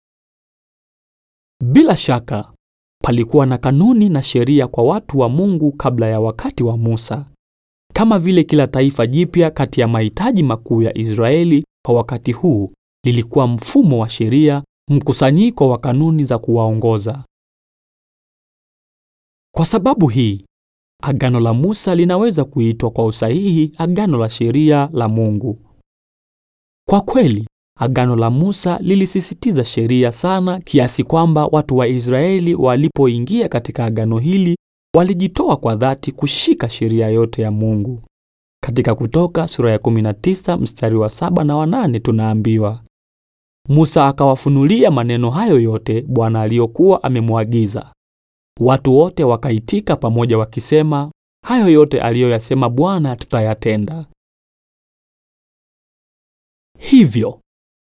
Bila shaka, palikuwa na kanuni na sheria kwa watu wa Mungu kabla ya wakati wa Musa. Kama vile kila taifa jipya kati ya mahitaji makuu ya Israeli kwa wakati huu lilikuwa mfumo wa sheria, mkusanyiko wa kanuni za kuwaongoza. Kwa sababu hii, agano la Musa linaweza kuitwa kwa usahihi agano la sheria la Mungu. Kwa kweli, agano la Musa lilisisitiza sheria sana kiasi kwamba watu wa Israeli walipoingia katika agano hili walijitoa kwa dhati kushika sheria yote ya Mungu. Katika Kutoka sura ya 19 mstari wa 7 na 8 tunaambiwa, Musa akawafunulia maneno hayo yote Bwana aliyokuwa amemwagiza. Watu wote wakaitika pamoja wakisema, hayo yote aliyoyasema Bwana tutayatenda. Hivyo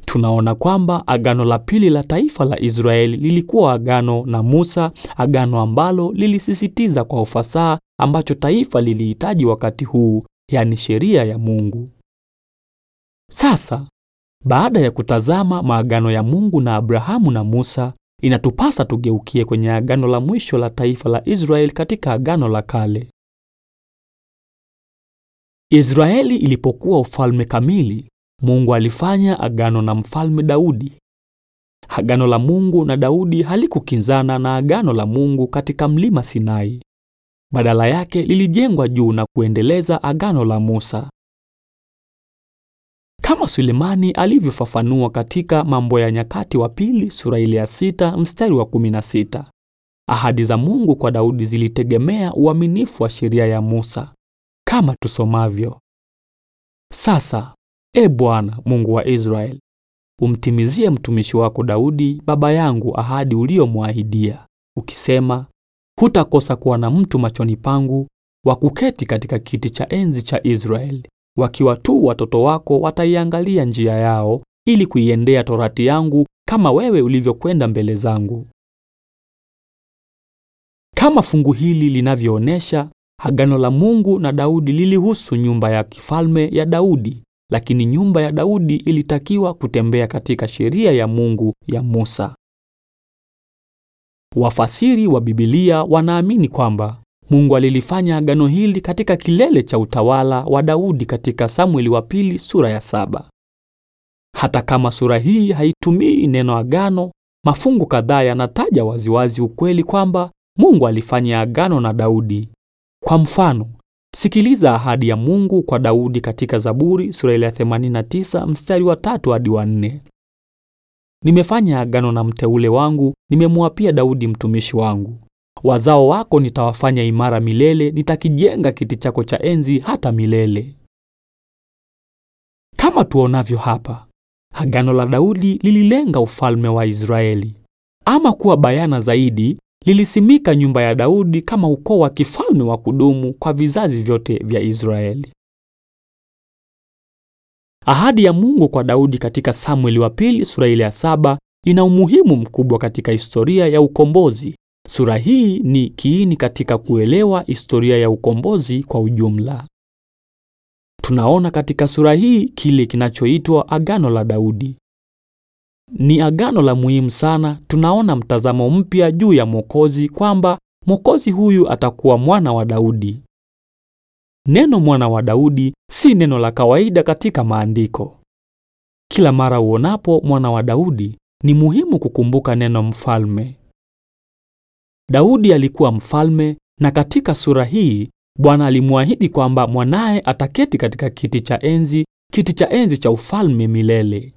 tunaona kwamba agano la pili la taifa la Israeli lilikuwa agano na Musa, agano ambalo lilisisitiza kwa ufasaha ambacho taifa lilihitaji wakati huu, yani sheria ya Mungu. Sasa baada ya kutazama maagano ya Mungu na Abrahamu na Musa, inatupasa tugeukie kwenye agano la mwisho la taifa la Israeli katika agano la kale. Israeli ilipokuwa ufalme kamili, Mungu alifanya agano na mfalme Daudi. Agano la Mungu na Daudi halikukinzana na agano la Mungu katika mlima Sinai. Badala yake lilijengwa juu na kuendeleza agano la Musa kama Sulemani alivyofafanua katika Mambo ya Nyakati wa Pili sura ile ya sita mstari wa 16. Ahadi za Mungu kwa Daudi zilitegemea uaminifu wa sheria ya Musa kama tusomavyo, sasa e Bwana Mungu wa Israeli, umtimizie mtumishi wako Daudi baba yangu ahadi uliyomwahidia ukisema, hutakosa kuwa na mtu machoni pangu wa kuketi katika kiti cha enzi cha Israeli wakiwa tu watoto wako wataiangalia njia yao ili kuiendea torati yangu kama wewe ulivyokwenda mbele zangu. Kama fungu hili linavyoonyesha, agano la Mungu na Daudi lilihusu nyumba ya kifalme ya Daudi, lakini nyumba ya Daudi ilitakiwa kutembea katika sheria ya Mungu ya Musa. Wafasiri wa Biblia wanaamini kwamba Mungu alilifanya agano hili katika kilele cha utawala wa Daudi katika Samueli wa pili sura ya saba. Hata kama sura hii haitumii neno agano, mafungu kadhaa yanataja waziwazi ukweli kwamba Mungu alifanya agano na Daudi. Kwa mfano, sikiliza ahadi ya Mungu kwa Daudi katika Zaburi sura ya 89 mstari wa tatu hadi wa nne. Nimefanya agano na mteule wangu, nimemwapia Daudi mtumishi wangu. Wazao wako nitawafanya imara milele, nitakijenga kiti chako cha enzi hata milele. Kama tuonavyo hapa, agano la Daudi lililenga ufalme wa Israeli. Ama kuwa bayana zaidi, lilisimika nyumba ya Daudi kama ukoo wa kifalme wa kudumu kwa vizazi vyote vya Israeli. Ahadi ya Mungu kwa Daudi katika Samueli wa pili sura ile ya saba ina umuhimu mkubwa katika historia ya ukombozi. Sura hii ni kiini katika kuelewa historia ya ukombozi kwa ujumla. Tunaona katika sura hii kile kinachoitwa Agano la Daudi. Ni agano la muhimu sana. Tunaona mtazamo mpya juu ya Mwokozi kwamba Mwokozi huyu atakuwa mwana wa Daudi. Neno mwana wa Daudi si neno la kawaida katika maandiko. Kila mara uonapo mwana wa Daudi, ni muhimu kukumbuka neno mfalme. Daudi alikuwa mfalme, na katika sura hii Bwana alimwahidi kwamba mwanaye ataketi katika kiti cha enzi, kiti cha enzi cha ufalme milele.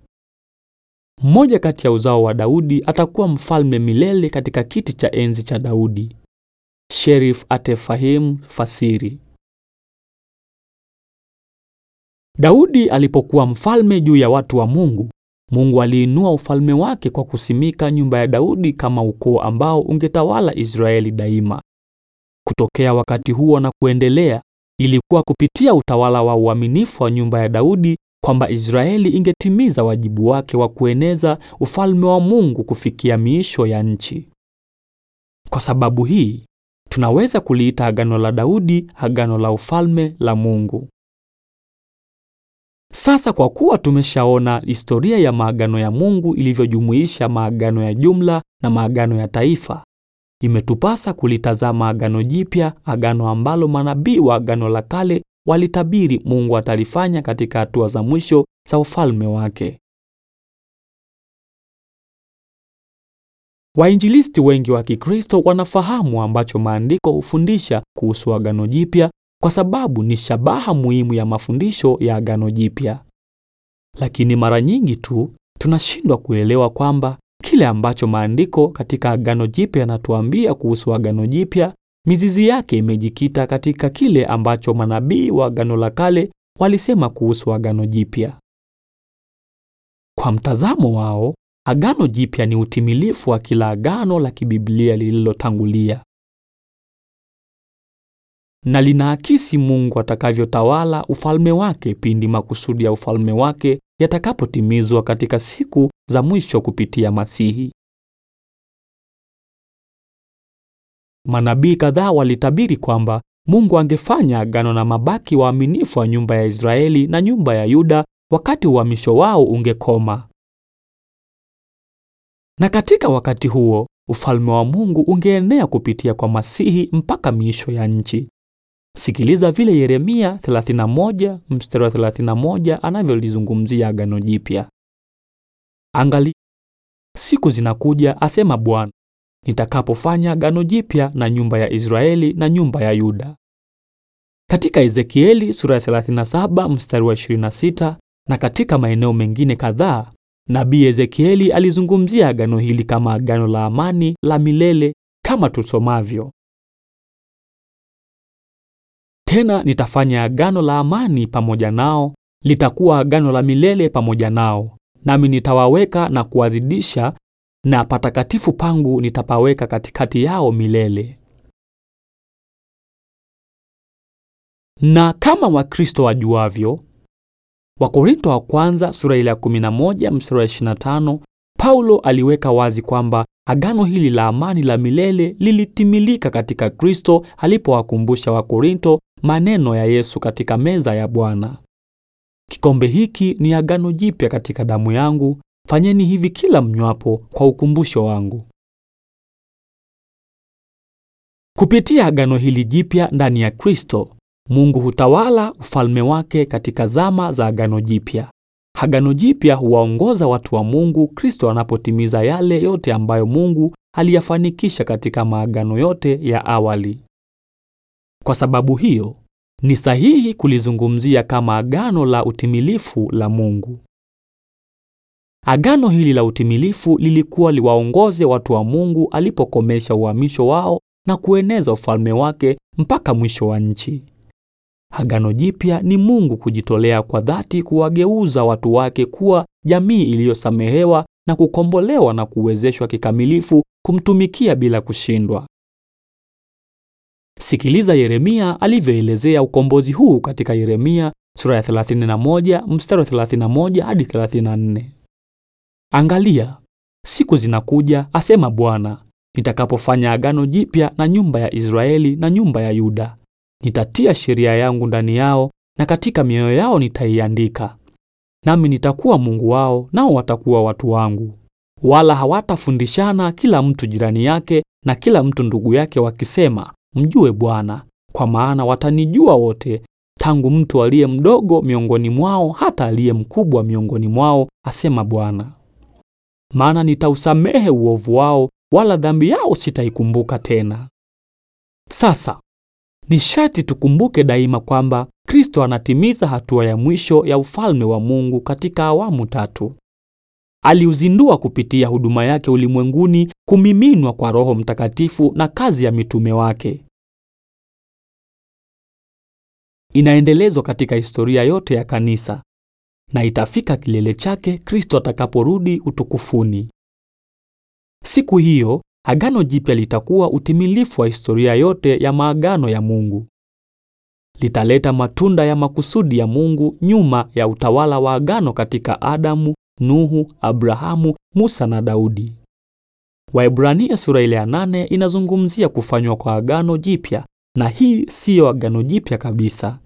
Mmoja kati ya uzao wa Daudi atakuwa mfalme milele katika kiti cha enzi cha Daudi. Sherif Atefahim Fasiri. Daudi alipokuwa mfalme juu ya watu wa Mungu, Mungu aliinua ufalme wake kwa kusimika nyumba ya Daudi kama ukoo ambao ungetawala Israeli daima. Kutokea wakati huo na kuendelea, ilikuwa kupitia utawala wa uaminifu wa nyumba ya Daudi kwamba Israeli ingetimiza wajibu wake wa kueneza ufalme wa Mungu kufikia miisho ya nchi. Kwa sababu hii, tunaweza kuliita agano la Daudi agano la ufalme la Mungu. Sasa kwa kuwa tumeshaona historia ya maagano ya Mungu ilivyojumuisha maagano ya jumla na maagano ya taifa, imetupasa kulitazama agano jipya, agano ambalo manabii wa agano la kale walitabiri Mungu atalifanya katika hatua za mwisho za ufalme wake. Wainjilisti wengi wa Kikristo wanafahamu ambacho maandiko hufundisha kuhusu agano jipya kwa sababu ni shabaha muhimu ya mafundisho ya Agano Jipya. Lakini mara nyingi tu tunashindwa kuelewa kwamba kile ambacho maandiko katika Agano Jipya yanatuambia kuhusu Agano Jipya, mizizi yake imejikita katika kile ambacho manabii wa Agano la Kale walisema kuhusu Agano Jipya. Kwa mtazamo wao, Agano Jipya ni utimilifu wa kila agano la kibiblia lililotangulia na linaakisi Mungu atakavyotawala ufalme wake pindi makusudi ya ufalme wake yatakapotimizwa katika siku za mwisho kupitia Masihi. Manabii kadhaa walitabiri kwamba Mungu angefanya agano na mabaki waaminifu wa nyumba ya Israeli na nyumba ya Yuda wakati uhamisho wao ungekoma. Na katika wakati huo, ufalme wa Mungu ungeenea kupitia kwa Masihi mpaka miisho ya nchi. Sikiliza vile Yeremia 31 mstari wa 31 anavyolizungumzia Agano Jipya. Angali, siku zinakuja, asema Bwana, nitakapofanya agano jipya na nyumba ya Israeli na nyumba ya Yuda. Katika Ezekieli sura ya 37 mstari wa 26 na katika maeneo mengine kadhaa, nabii Ezekieli alizungumzia agano hili kama agano la amani la milele kama tusomavyo tena nitafanya agano la amani pamoja nao, litakuwa agano la milele pamoja nao, nami nitawaweka na kuwazidisha, na patakatifu pangu nitapaweka katikati yao milele. Na kama Wakristo wajuavyo, Wakorinto wa kwanza sura ya 11 mstari wa 25, Paulo aliweka wazi kwamba agano hili la amani la milele lilitimilika katika Kristo alipowakumbusha Wakorinto maneno ya Yesu katika meza ya Bwana. Kikombe hiki ni agano jipya katika damu yangu, fanyeni hivi kila mnywapo kwa ukumbusho wangu. Kupitia agano hili jipya ndani ya Kristo, Mungu hutawala ufalme wake katika zama za agano jipya. Agano jipya huwaongoza watu wa Mungu Kristo anapotimiza yale yote ambayo Mungu aliyafanikisha katika maagano yote ya awali. Kwa sababu hiyo, ni sahihi kulizungumzia kama agano la utimilifu la Mungu. Agano hili la utimilifu lilikuwa liwaongoze watu wa Mungu alipokomesha uhamisho wao na kueneza ufalme wake mpaka mwisho wa nchi. Agano Jipya ni Mungu kujitolea kwa dhati kuwageuza watu wake kuwa jamii iliyosamehewa na kukombolewa na kuwezeshwa kikamilifu kumtumikia bila kushindwa. Sikiliza Yeremia alivyoelezea ukombozi huu katika Yeremia sura ya 31 mstari wa 31 hadi 34. Angalia, siku zinakuja, asema Bwana, nitakapofanya agano jipya na nyumba ya Israeli na nyumba ya Yuda. Nitatia sheria yangu ndani yao na katika mioyo yao nitaiandika. Nami nitakuwa Mungu wao, nao watakuwa watu wangu. Wala hawatafundishana kila mtu jirani yake na kila mtu ndugu yake, wakisema Mjue Bwana, kwa maana watanijua wote, tangu mtu aliye mdogo miongoni mwao hata aliye mkubwa miongoni mwao, asema Bwana. Maana nitausamehe uovu wao, wala dhambi yao sitaikumbuka tena. Sasa ni sharti tukumbuke daima kwamba Kristo anatimiza hatua ya mwisho ya ufalme wa Mungu katika awamu tatu. Aliuzindua kupitia huduma yake ulimwenguni kumiminwa kwa Roho Mtakatifu na kazi ya mitume wake inaendelezwa katika historia yote ya kanisa na itafika kilele chake Kristo atakaporudi utukufuni. Siku hiyo Agano Jipya litakuwa utimilifu wa historia yote ya maagano ya Mungu. Litaleta matunda ya makusudi ya Mungu nyuma ya utawala wa agano katika Adamu, Nuhu, Abrahamu, Musa na Daudi. Waebrania sura ile ya nane inazungumzia kufanywa kwa agano jipya, na hii siyo agano jipya kabisa.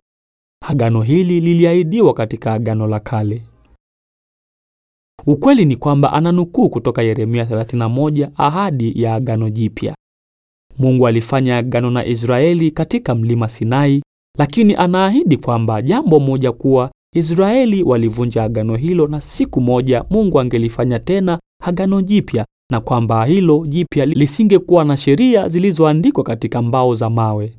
Agano hili liliahidiwa katika agano la kale. Ukweli ni kwamba ananukuu kutoka Yeremia 31 ahadi ya agano jipya. Mungu alifanya agano na Israeli katika mlima Sinai, lakini anaahidi kwamba jambo moja kuwa Israeli walivunja agano hilo na siku moja Mungu angelifanya tena agano jipya na kwamba hilo jipya lisingekuwa na sheria zilizoandikwa katika mbao za mawe,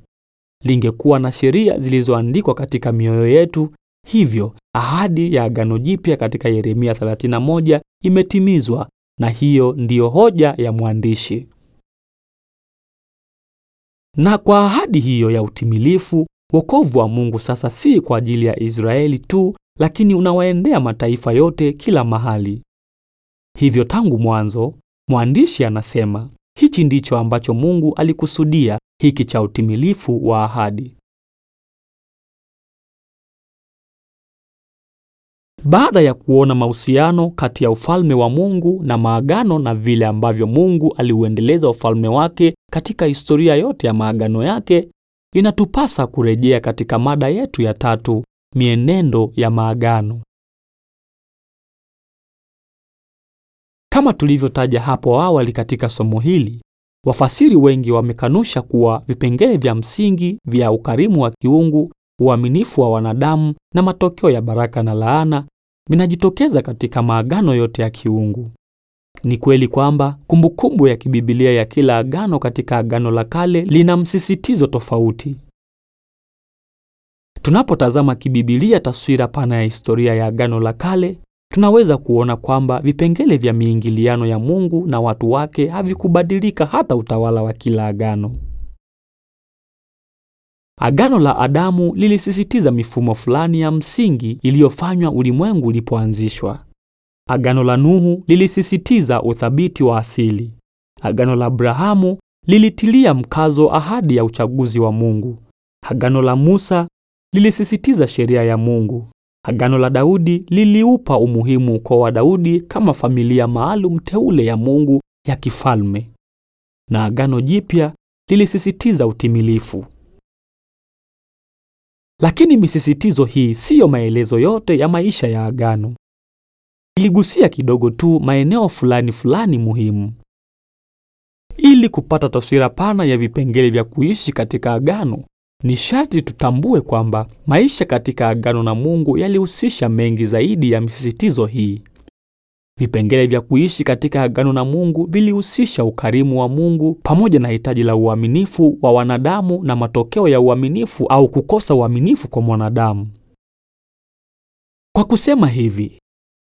lingekuwa na sheria zilizoandikwa katika mioyo yetu. Hivyo ahadi ya agano jipya katika Yeremia 31 imetimizwa, na hiyo ndiyo hoja ya mwandishi. Na kwa ahadi hiyo ya utimilifu, wokovu wa Mungu sasa si kwa ajili ya Israeli tu, lakini unawaendea mataifa yote kila mahali. Hivyo tangu mwanzo Mwandishi anasema hichi ndicho ambacho Mungu alikusudia hiki cha utimilifu wa ahadi. Baada ya kuona mahusiano kati ya ufalme wa Mungu na maagano na vile ambavyo Mungu aliuendeleza ufalme wake katika historia yote ya maagano yake, inatupasa kurejea katika mada yetu ya tatu, mienendo ya maagano. Kama tulivyotaja hapo awali katika somo hili, wafasiri wengi wamekanusha kuwa vipengele vya msingi vya ukarimu wa kiungu, uaminifu wa wanadamu na matokeo ya baraka na laana vinajitokeza katika maagano yote ya kiungu. Ni kweli kwamba kumbukumbu ya kibibilia ya kila agano katika Agano la Kale lina msisitizo tofauti. Tunapotazama kibibilia taswira pana ya historia ya Agano la Kale, tunaweza kuona kwamba vipengele vya miingiliano ya Mungu na watu wake havikubadilika hata utawala wa kila agano. Agano la Adamu lilisisitiza mifumo fulani ya msingi iliyofanywa ulimwengu ulipoanzishwa. Agano la Nuhu lilisisitiza uthabiti wa asili. Agano la Abrahamu lilitilia mkazo ahadi ya uchaguzi wa Mungu. Agano la Musa lilisisitiza sheria ya Mungu. Agano la Daudi liliupa umuhimu ukoo wa Daudi kama familia maalum teule ya Mungu ya kifalme, na Agano Jipya lilisisitiza utimilifu. Lakini misisitizo hii siyo maelezo yote ya maisha ya agano. Iligusia kidogo tu maeneo fulani fulani muhimu. Ili kupata taswira pana ya vipengele vya kuishi katika agano, ni sharti tutambue kwamba maisha katika agano na Mungu yalihusisha mengi zaidi ya misisitizo hii. Vipengele vya kuishi katika agano na Mungu vilihusisha ukarimu wa Mungu pamoja na hitaji la uaminifu wa wanadamu na matokeo ya uaminifu au kukosa uaminifu kwa mwanadamu. Kwa kusema hivi,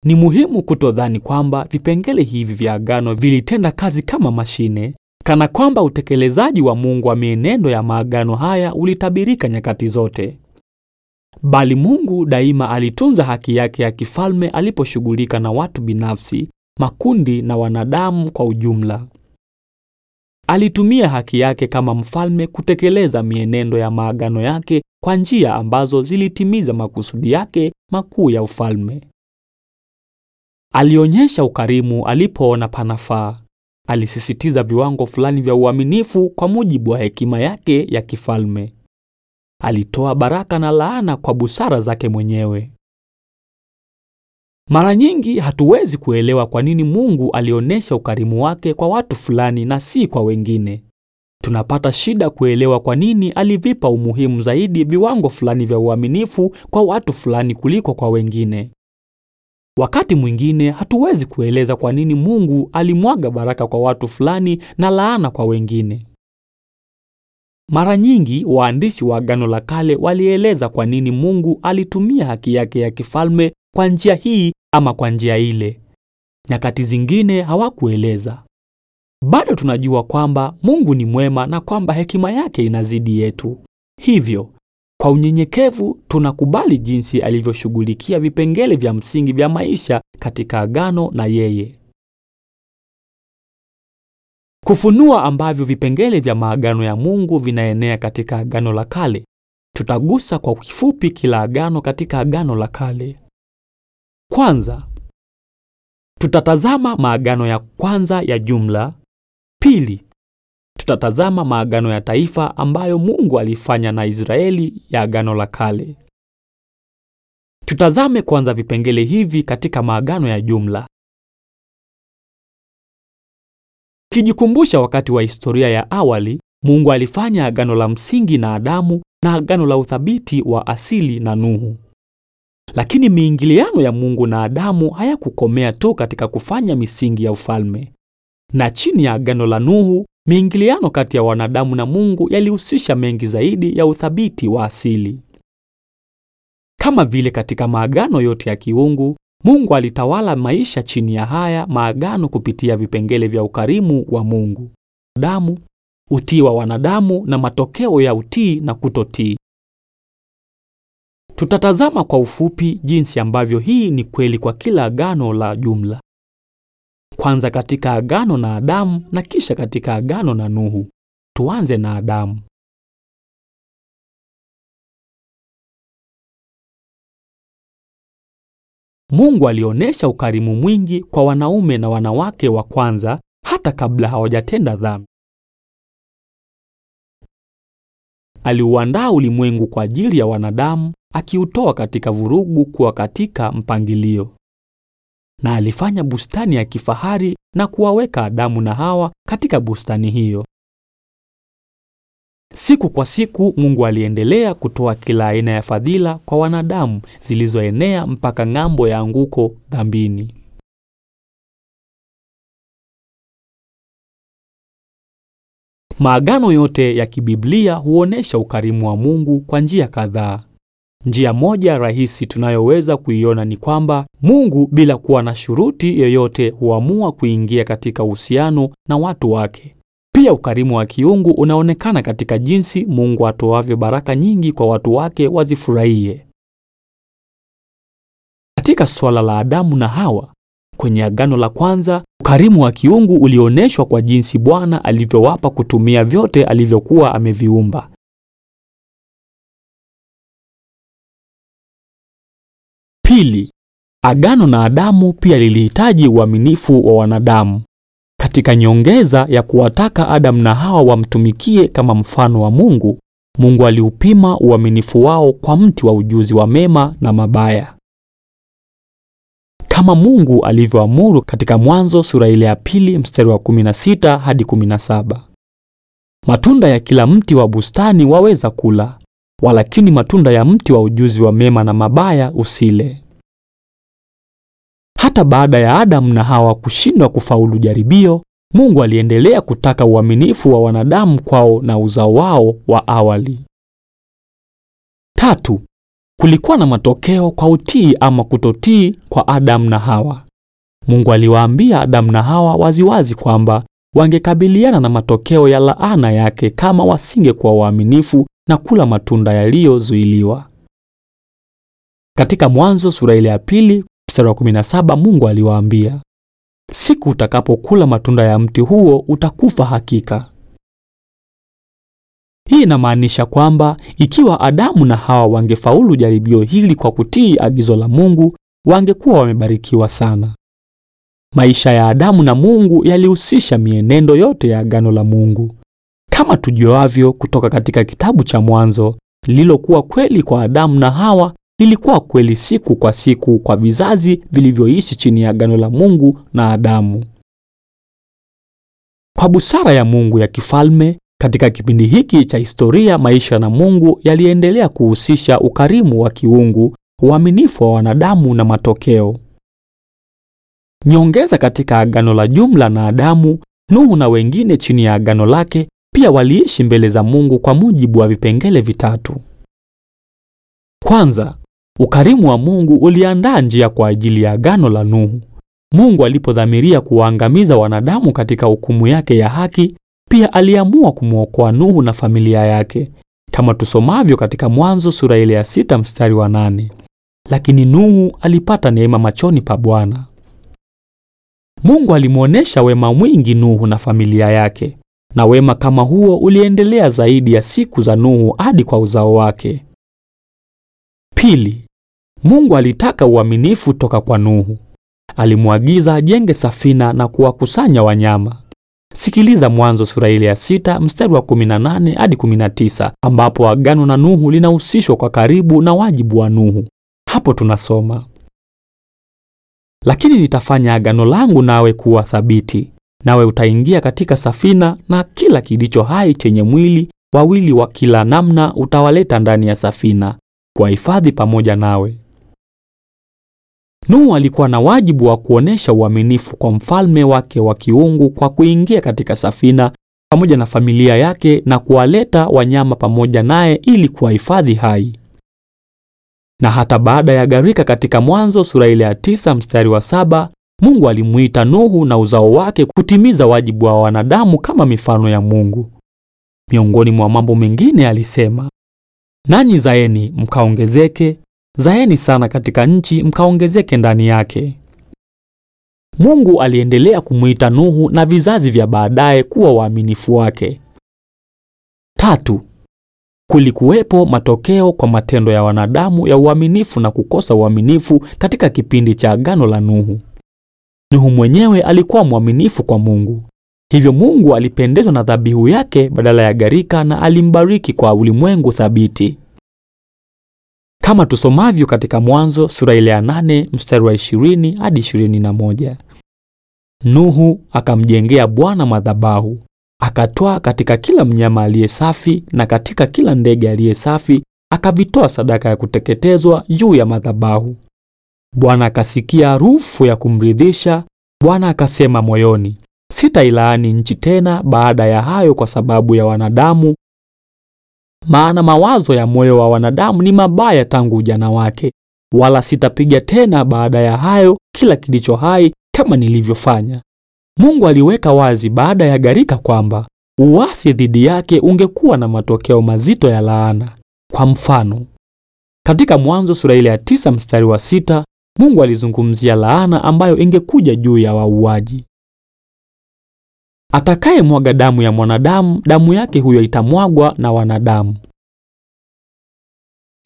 ni muhimu kutodhani kwamba vipengele hivi vya agano vilitenda kazi kama mashine kana kwamba utekelezaji wa Mungu wa mienendo ya maagano haya ulitabirika nyakati zote. Bali Mungu daima alitunza haki yake ya kifalme aliposhughulika na watu binafsi, makundi na wanadamu kwa ujumla. Alitumia haki yake kama mfalme kutekeleza mienendo ya maagano yake kwa njia ambazo zilitimiza makusudi yake makuu ya ufalme. Alionyesha ukarimu alipoona panafaa alisisitiza viwango fulani vya uaminifu kwa mujibu wa hekima yake ya kifalme. Alitoa baraka na laana kwa busara zake mwenyewe. Mara nyingi hatuwezi kuelewa kwa nini Mungu alionyesha ukarimu wake kwa watu fulani na si kwa wengine. Tunapata shida kuelewa kwa nini alivipa umuhimu zaidi viwango fulani vya uaminifu kwa watu fulani kuliko kwa wengine. Wakati mwingine hatuwezi kueleza kwa nini Mungu alimwaga baraka kwa watu fulani na laana kwa wengine. Mara nyingi waandishi wa Agano la Kale walieleza kwa nini Mungu alitumia haki yake ya kifalme kwa njia hii ama kwa njia ile. Nyakati zingine hawakueleza. Bado tunajua kwamba Mungu ni mwema na kwamba hekima yake inazidi yetu. Hivyo kwa unyenyekevu tunakubali jinsi alivyoshughulikia vipengele vya msingi vya maisha katika agano na yeye. Kufunua ambavyo vipengele vya maagano ya Mungu vinaenea katika agano la kale. Tutagusa kwa kifupi kila agano katika agano la kale. Kwanza, tutatazama maagano ya kwanza ya jumla. Pili, tutatazama maagano ya taifa ambayo Mungu alifanya na Israeli ya agano la kale. Tutazame kwanza vipengele hivi katika maagano ya jumla. Kijikumbusha wakati wa historia ya awali, Mungu alifanya agano la msingi na Adamu na agano la uthabiti wa asili na Nuhu. Lakini miingiliano ya Mungu na Adamu hayakukomea tu katika kufanya misingi ya ufalme. Na chini ya agano la Nuhu, Miingiliano kati ya wanadamu na Mungu yalihusisha mengi zaidi ya uthabiti wa asili. Kama vile katika maagano yote ya kiungu, Mungu alitawala maisha chini ya haya maagano kupitia vipengele vya ukarimu wa Mungu, damu, utii wa wanadamu na matokeo ya utii na kutotii. Tutatazama kwa ufupi jinsi ambavyo hii ni kweli kwa kila agano la jumla kwanza katika agano na Adamu na kisha katika agano na Nuhu. Tuanze na Adamu. Mungu alionyesha ukarimu mwingi kwa wanaume na wanawake wa kwanza hata kabla hawajatenda dhambi. Aliuandaa ulimwengu kwa ajili ya wanadamu, akiutoa katika vurugu kuwa katika mpangilio na alifanya bustani ya kifahari na kuwaweka Adamu na Hawa katika bustani hiyo. Siku kwa siku Mungu aliendelea kutoa kila aina ya fadhila kwa wanadamu zilizoenea mpaka ng'ambo ya anguko dhambini. Maagano yote ya kibiblia huonesha ukarimu wa Mungu kwa njia kadhaa. Njia moja rahisi tunayoweza kuiona ni kwamba Mungu bila kuwa na shuruti yoyote huamua kuingia katika uhusiano na watu wake. Pia ukarimu wa kiungu unaonekana katika jinsi Mungu atoavyo baraka nyingi kwa watu wake wazifurahie. Katika suala la Adamu na Hawa kwenye Agano la Kwanza, ukarimu wa kiungu ulioneshwa kwa jinsi Bwana alivyowapa kutumia vyote alivyokuwa ameviumba. Pili, agano na Adamu pia lilihitaji uaminifu wa wanadamu katika nyongeza ya kuwataka Adamu na Hawa wamtumikie kama mfano wa Mungu. Mungu aliupima uaminifu wao kwa mti wa ujuzi wa mema na mabaya, kama Mungu alivyoamuru katika Mwanzo sura ile ya pili mstari wa 16 hadi 17, matunda ya kila mti wa bustani waweza kula, walakini matunda ya mti wa ujuzi wa mema na mabaya usile. Hata baada ya Adamu na Hawa kushindwa kufaulu jaribio, Mungu aliendelea kutaka uaminifu wa wanadamu kwao na uzao wao wa awali. Tatu, kulikuwa na matokeo kwa utii ama kutotii kwa Adamu na Hawa. Mungu aliwaambia Adamu na Hawa waziwazi kwamba wangekabiliana na matokeo ya laana yake kama wasingekuwa waaminifu na kula matunda yaliyozuiliwa. Katika Mwanzo sura ile ya pili mstari wa 17 Mungu aliwaambia, siku utakapokula matunda ya mti huo utakufa hakika. Hii inamaanisha kwamba ikiwa Adamu na Hawa wangefaulu jaribio hili kwa kutii agizo la Mungu, wangekuwa wamebarikiwa sana. Maisha ya Adamu na Mungu yalihusisha mienendo yote ya agano la Mungu kama tujuavyo kutoka katika kitabu cha Mwanzo, lililokuwa kweli kwa Adamu na Hawa lilikuwa kweli siku kwa siku kwa vizazi vilivyoishi chini ya agano la Mungu na Adamu. Kwa busara ya Mungu ya kifalme, katika kipindi hiki cha historia, maisha na Mungu yaliendelea kuhusisha ukarimu wa kiungu, uaminifu wa wanadamu na matokeo. Nyongeza katika agano la jumla na Adamu, Nuhu na wengine chini ya agano lake pia waliishi mbele za Mungu kwa mujibu wa vipengele vitatu. Kwanza, ukarimu wa Mungu uliandaa njia kwa ajili ya agano la Nuhu. Mungu alipodhamiria kuwaangamiza wanadamu katika hukumu yake ya haki, pia aliamua kumwokoa Nuhu na familia yake, kama tusomavyo katika Mwanzo sura ile ya sita mstari wa nane. Lakini Nuhu alipata neema machoni pa Bwana. Mungu alimwonyesha wema mwingi Nuhu na familia yake na wema kama huo uliendelea zaidi ya siku za Nuhu hadi kwa uzao wake. Pili, Mungu alitaka uaminifu toka kwa Nuhu. Alimwagiza ajenge safina na kuwakusanya wanyama. Sikiliza Mwanzo sura ile ya sita mstari wa 18 hadi 19, ambapo agano na Nuhu linahusishwa kwa karibu na wajibu wa Nuhu. Hapo tunasoma, lakini nitafanya agano langu nawe kuwa thabiti, nawe utaingia katika safina, na kila kilicho hai chenye mwili wawili wa kila namna utawaleta ndani ya safina kwa hifadhi pamoja nawe. Nuhu alikuwa na wajibu wa kuonesha uaminifu kwa mfalme wake wa kiungu kwa kuingia katika safina pamoja na familia yake na kuwaleta wanyama pamoja naye ili kuwahifadhi hai. Na hata baada ya garika katika Mwanzo sura ile ya tisa mstari wa saba Mungu alimuita Nuhu na uzao wake kutimiza wajibu wa wanadamu kama mifano ya Mungu. Miongoni mwa mambo mengine alisema, nanyi zaeni mkaongezeke, zaeni sana katika nchi mkaongezeke ndani yake. Mungu aliendelea kumuita Nuhu na vizazi vya baadaye kuwa waaminifu wake. Tatu, kulikuwepo matokeo kwa matendo ya wanadamu ya uaminifu na kukosa uaminifu katika kipindi cha agano la Nuhu. Nuhu mwenyewe alikuwa mwaminifu kwa Mungu. Hivyo Mungu alipendezwa na dhabihu yake badala ya gharika na alimbariki kwa ulimwengu thabiti. Kama tusomavyo katika Mwanzo sura ile ya 8 mstari wa 20 hadi 21. Nuhu akamjengea Bwana madhabahu, akatoa katika kila mnyama aliye safi na katika kila ndege aliye safi, akavitoa sadaka ya kuteketezwa juu ya madhabahu. Bwana akasikia harufu ya kumridhisha. Bwana akasema moyoni, sitailaani nchi tena baada ya hayo kwa sababu ya wanadamu, maana mawazo ya moyo wa wanadamu ni mabaya tangu ujana wake, wala sitapiga tena baada ya hayo kila kilicho hai kama nilivyofanya. Mungu aliweka wazi baada ya gharika kwamba uasi dhidi yake ungekuwa na matokeo mazito ya laana. Kwa mfano, katika Mwanzo sura ile ya tisa mstari wa sita, Mungu alizungumzia laana ambayo ingekuja juu ya wauaji. atakaye mwaga damu ya mwanadamu, damu yake huyo itamwagwa na wanadamu.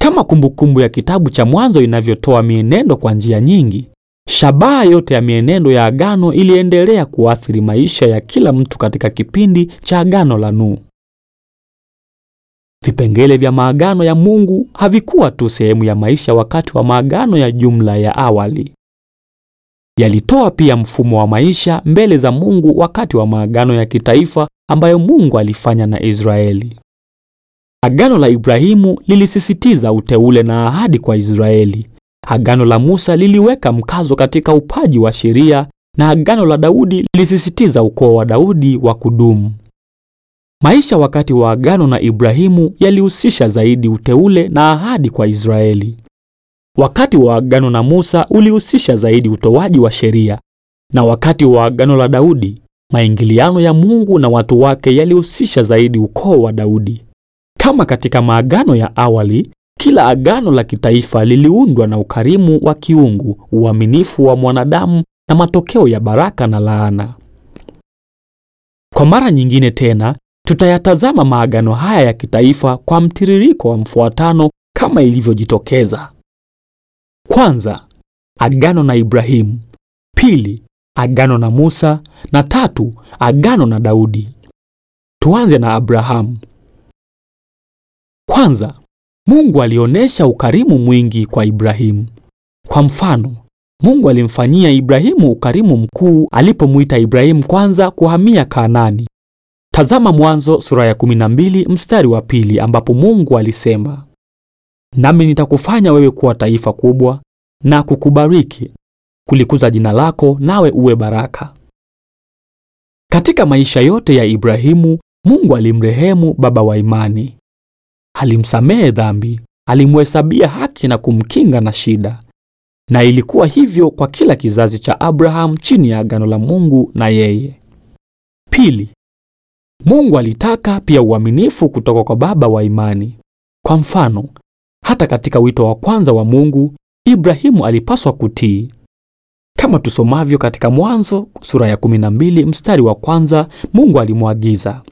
Kama kumbukumbu ya kitabu cha Mwanzo inavyotoa mienendo kwa njia nyingi, shabaha yote ya mienendo ya agano iliendelea kuathiri maisha ya kila mtu katika kipindi cha agano la Nuhu. Vipengele vya maagano ya Mungu havikuwa tu sehemu ya maisha wakati wa maagano ya jumla ya awali. Yalitoa pia mfumo wa maisha mbele za Mungu wakati wa maagano ya kitaifa ambayo Mungu alifanya na Israeli. Agano la Ibrahimu lilisisitiza uteule na ahadi kwa Israeli. Agano la Musa liliweka mkazo katika upaji wa sheria na agano la Daudi lilisisitiza ukoo wa Daudi wa kudumu. Maisha wakati wa agano na Ibrahimu yalihusisha zaidi uteule na ahadi kwa Israeli. Wakati wa agano na Musa ulihusisha zaidi utoaji wa sheria, na wakati wa agano la Daudi maingiliano ya Mungu na watu wake yalihusisha zaidi ukoo wa Daudi. Kama katika maagano ya awali, kila agano la kitaifa liliundwa na ukarimu wa kiungu, uaminifu wa mwanadamu na matokeo ya baraka na laana. Kwa mara nyingine tena, Tutayatazama maagano haya ya kitaifa kwa mtiririko wa mfuatano kama ilivyojitokeza. Kwanza, agano na Ibrahimu; pili, agano na Musa na tatu, agano na Daudi. Tuanze na Abrahamu. Kwanza, Mungu alionyesha ukarimu mwingi kwa Ibrahimu. Kwa mfano, Mungu alimfanyia Ibrahimu ukarimu mkuu alipomwita Ibrahimu kwanza kuhamia Kanaani. Tazama Mwanzo sura ya 12 mstari wa pili ambapo Mungu alisema, nami nitakufanya wewe kuwa taifa kubwa na kukubariki, kulikuza jina lako, nawe uwe baraka. Katika maisha yote ya Ibrahimu, Mungu alimrehemu baba wa imani, alimsamehe dhambi, alimhesabia haki na kumkinga na shida, na ilikuwa hivyo kwa kila kizazi cha Abraham chini ya agano la Mungu na yeye. Pili, Mungu alitaka pia uaminifu kutoka kwa baba wa imani. Kwa mfano, hata katika wito wa kwanza wa Mungu, Ibrahimu alipaswa kutii. Kama tusomavyo katika Mwanzo sura ya 12 mstari wa kwanza, Mungu alimwagiza,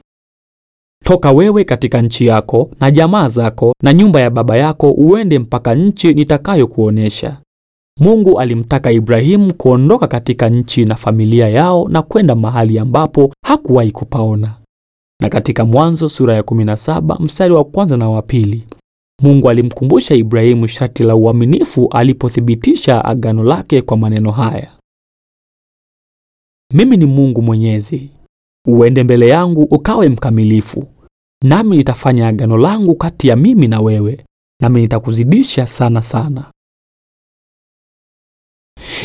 toka wewe katika nchi yako na jamaa zako na nyumba ya baba yako, uende mpaka nchi nitakayokuonyesha. Mungu alimtaka Ibrahimu kuondoka katika nchi na familia yao na kwenda mahali ambapo hakuwahi kupaona na katika Mwanzo sura ya 17 mstari wa kwanza na wa pili Mungu alimkumbusha Ibrahimu sharti la uaminifu alipothibitisha agano lake kwa maneno haya: mimi ni Mungu Mwenyezi, uende mbele yangu ukawe mkamilifu, nami nitafanya agano langu kati ya mimi na wewe, nami nitakuzidisha sana sana.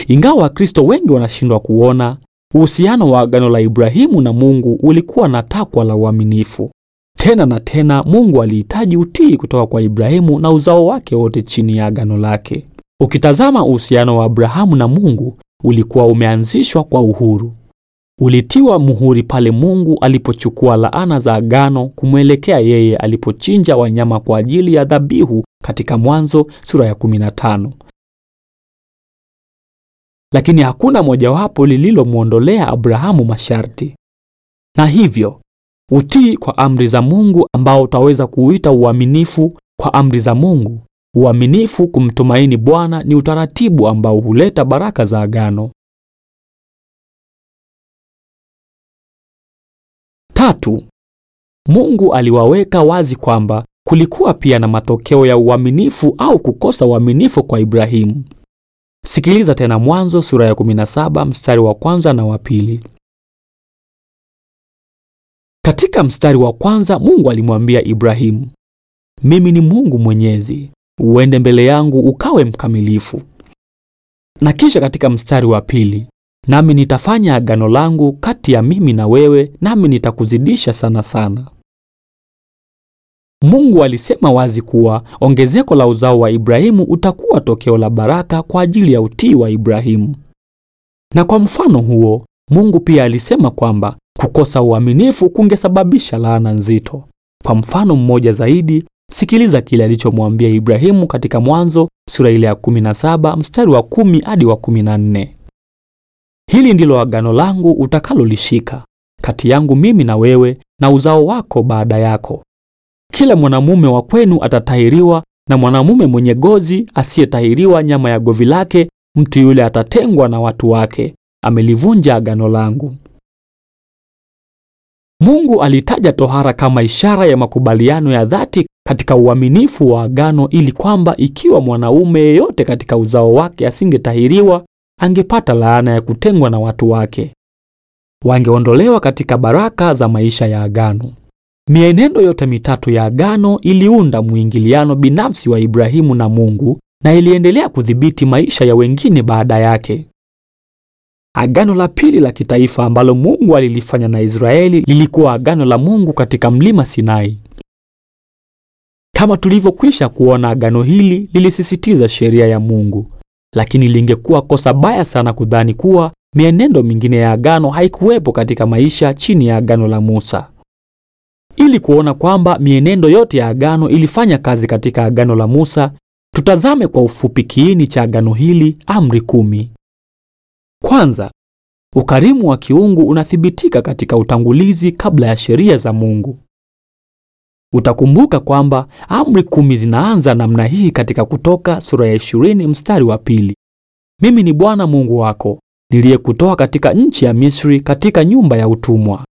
Ingawa Wakristo wengi wanashindwa kuona Uhusiano wa agano la Ibrahimu na Mungu ulikuwa na takwa la uaminifu. Tena na tena Mungu alihitaji utii kutoka kwa Ibrahimu na uzao wake wote chini ya agano lake. Ukitazama uhusiano wa Abrahamu na Mungu ulikuwa umeanzishwa kwa uhuru. Ulitiwa muhuri pale Mungu alipochukua laana za agano kumwelekea yeye alipochinja wanyama kwa ajili ya dhabihu katika Mwanzo sura ya 15 lakini hakuna mojawapo lililomwondolea Abrahamu masharti. Na hivyo utii kwa amri za Mungu ambao utaweza kuuita uaminifu kwa amri za Mungu. Uaminifu kumtumaini Bwana ni utaratibu ambao huleta baraka za agano. Tatu, Mungu aliwaweka wazi kwamba kulikuwa pia na matokeo ya uaminifu au kukosa uaminifu kwa Ibrahimu. Sikiliza tena Mwanzo sura ya 17 mstari wa kwanza na wa pili. Katika mstari wa kwanza Mungu alimwambia Ibrahimu, mimi ni Mungu Mwenyezi, uende mbele yangu ukawe mkamilifu. Na kisha katika mstari wa pili, nami nitafanya agano langu kati ya mimi na wewe, nami nitakuzidisha sana sana. Mungu alisema wazi kuwa ongezeko la uzao wa Ibrahimu utakuwa tokeo la baraka kwa ajili ya utii wa Ibrahimu. Na kwa mfano huo, Mungu pia alisema kwamba kukosa uaminifu kungesababisha laana nzito. Kwa mfano mmoja zaidi, sikiliza kile alichomwambia Ibrahimu katika Mwanzo sura ile ya 17 mstari wa 10 hadi wa 14. Hili ndilo agano langu utakalolishika kati yangu mimi na wewe na uzao wako baada yako kila mwanamume wa kwenu atatahiriwa, na mwanamume mwenye gozi asiyetahiriwa nyama ya govi lake, mtu yule atatengwa na watu wake, amelivunja agano langu. Mungu alitaja tohara kama ishara ya makubaliano ya dhati katika uaminifu wa agano, ili kwamba ikiwa mwanaume yeyote katika uzao wake asingetahiriwa, angepata laana ya kutengwa na watu wake, wangeondolewa katika baraka za maisha ya agano. Mienendo yote mitatu ya agano iliunda mwingiliano binafsi wa Ibrahimu na Mungu na iliendelea kudhibiti maisha ya wengine baada yake. Agano la pili la kitaifa ambalo Mungu alilifanya na Israeli lilikuwa agano la Mungu katika mlima Sinai. Kama tulivyokwisha kuona, agano hili lilisisitiza sheria ya Mungu, lakini lingekuwa kosa baya sana kudhani kuwa mienendo mingine ya agano haikuwepo katika maisha chini ya agano la Musa. Ili kuona kwamba mienendo yote ya agano ilifanya kazi katika agano la Musa, tutazame kwa ufupi kiini cha agano hili, amri kumi. Kwanza, ukarimu wa kiungu unathibitika katika utangulizi kabla ya sheria za Mungu. Utakumbuka kwamba amri kumi zinaanza namna hii katika Kutoka sura ya 20 mstari wa pili: mimi ni Bwana Mungu wako niliyekutoa katika nchi ya Misri, katika nyumba ya utumwa.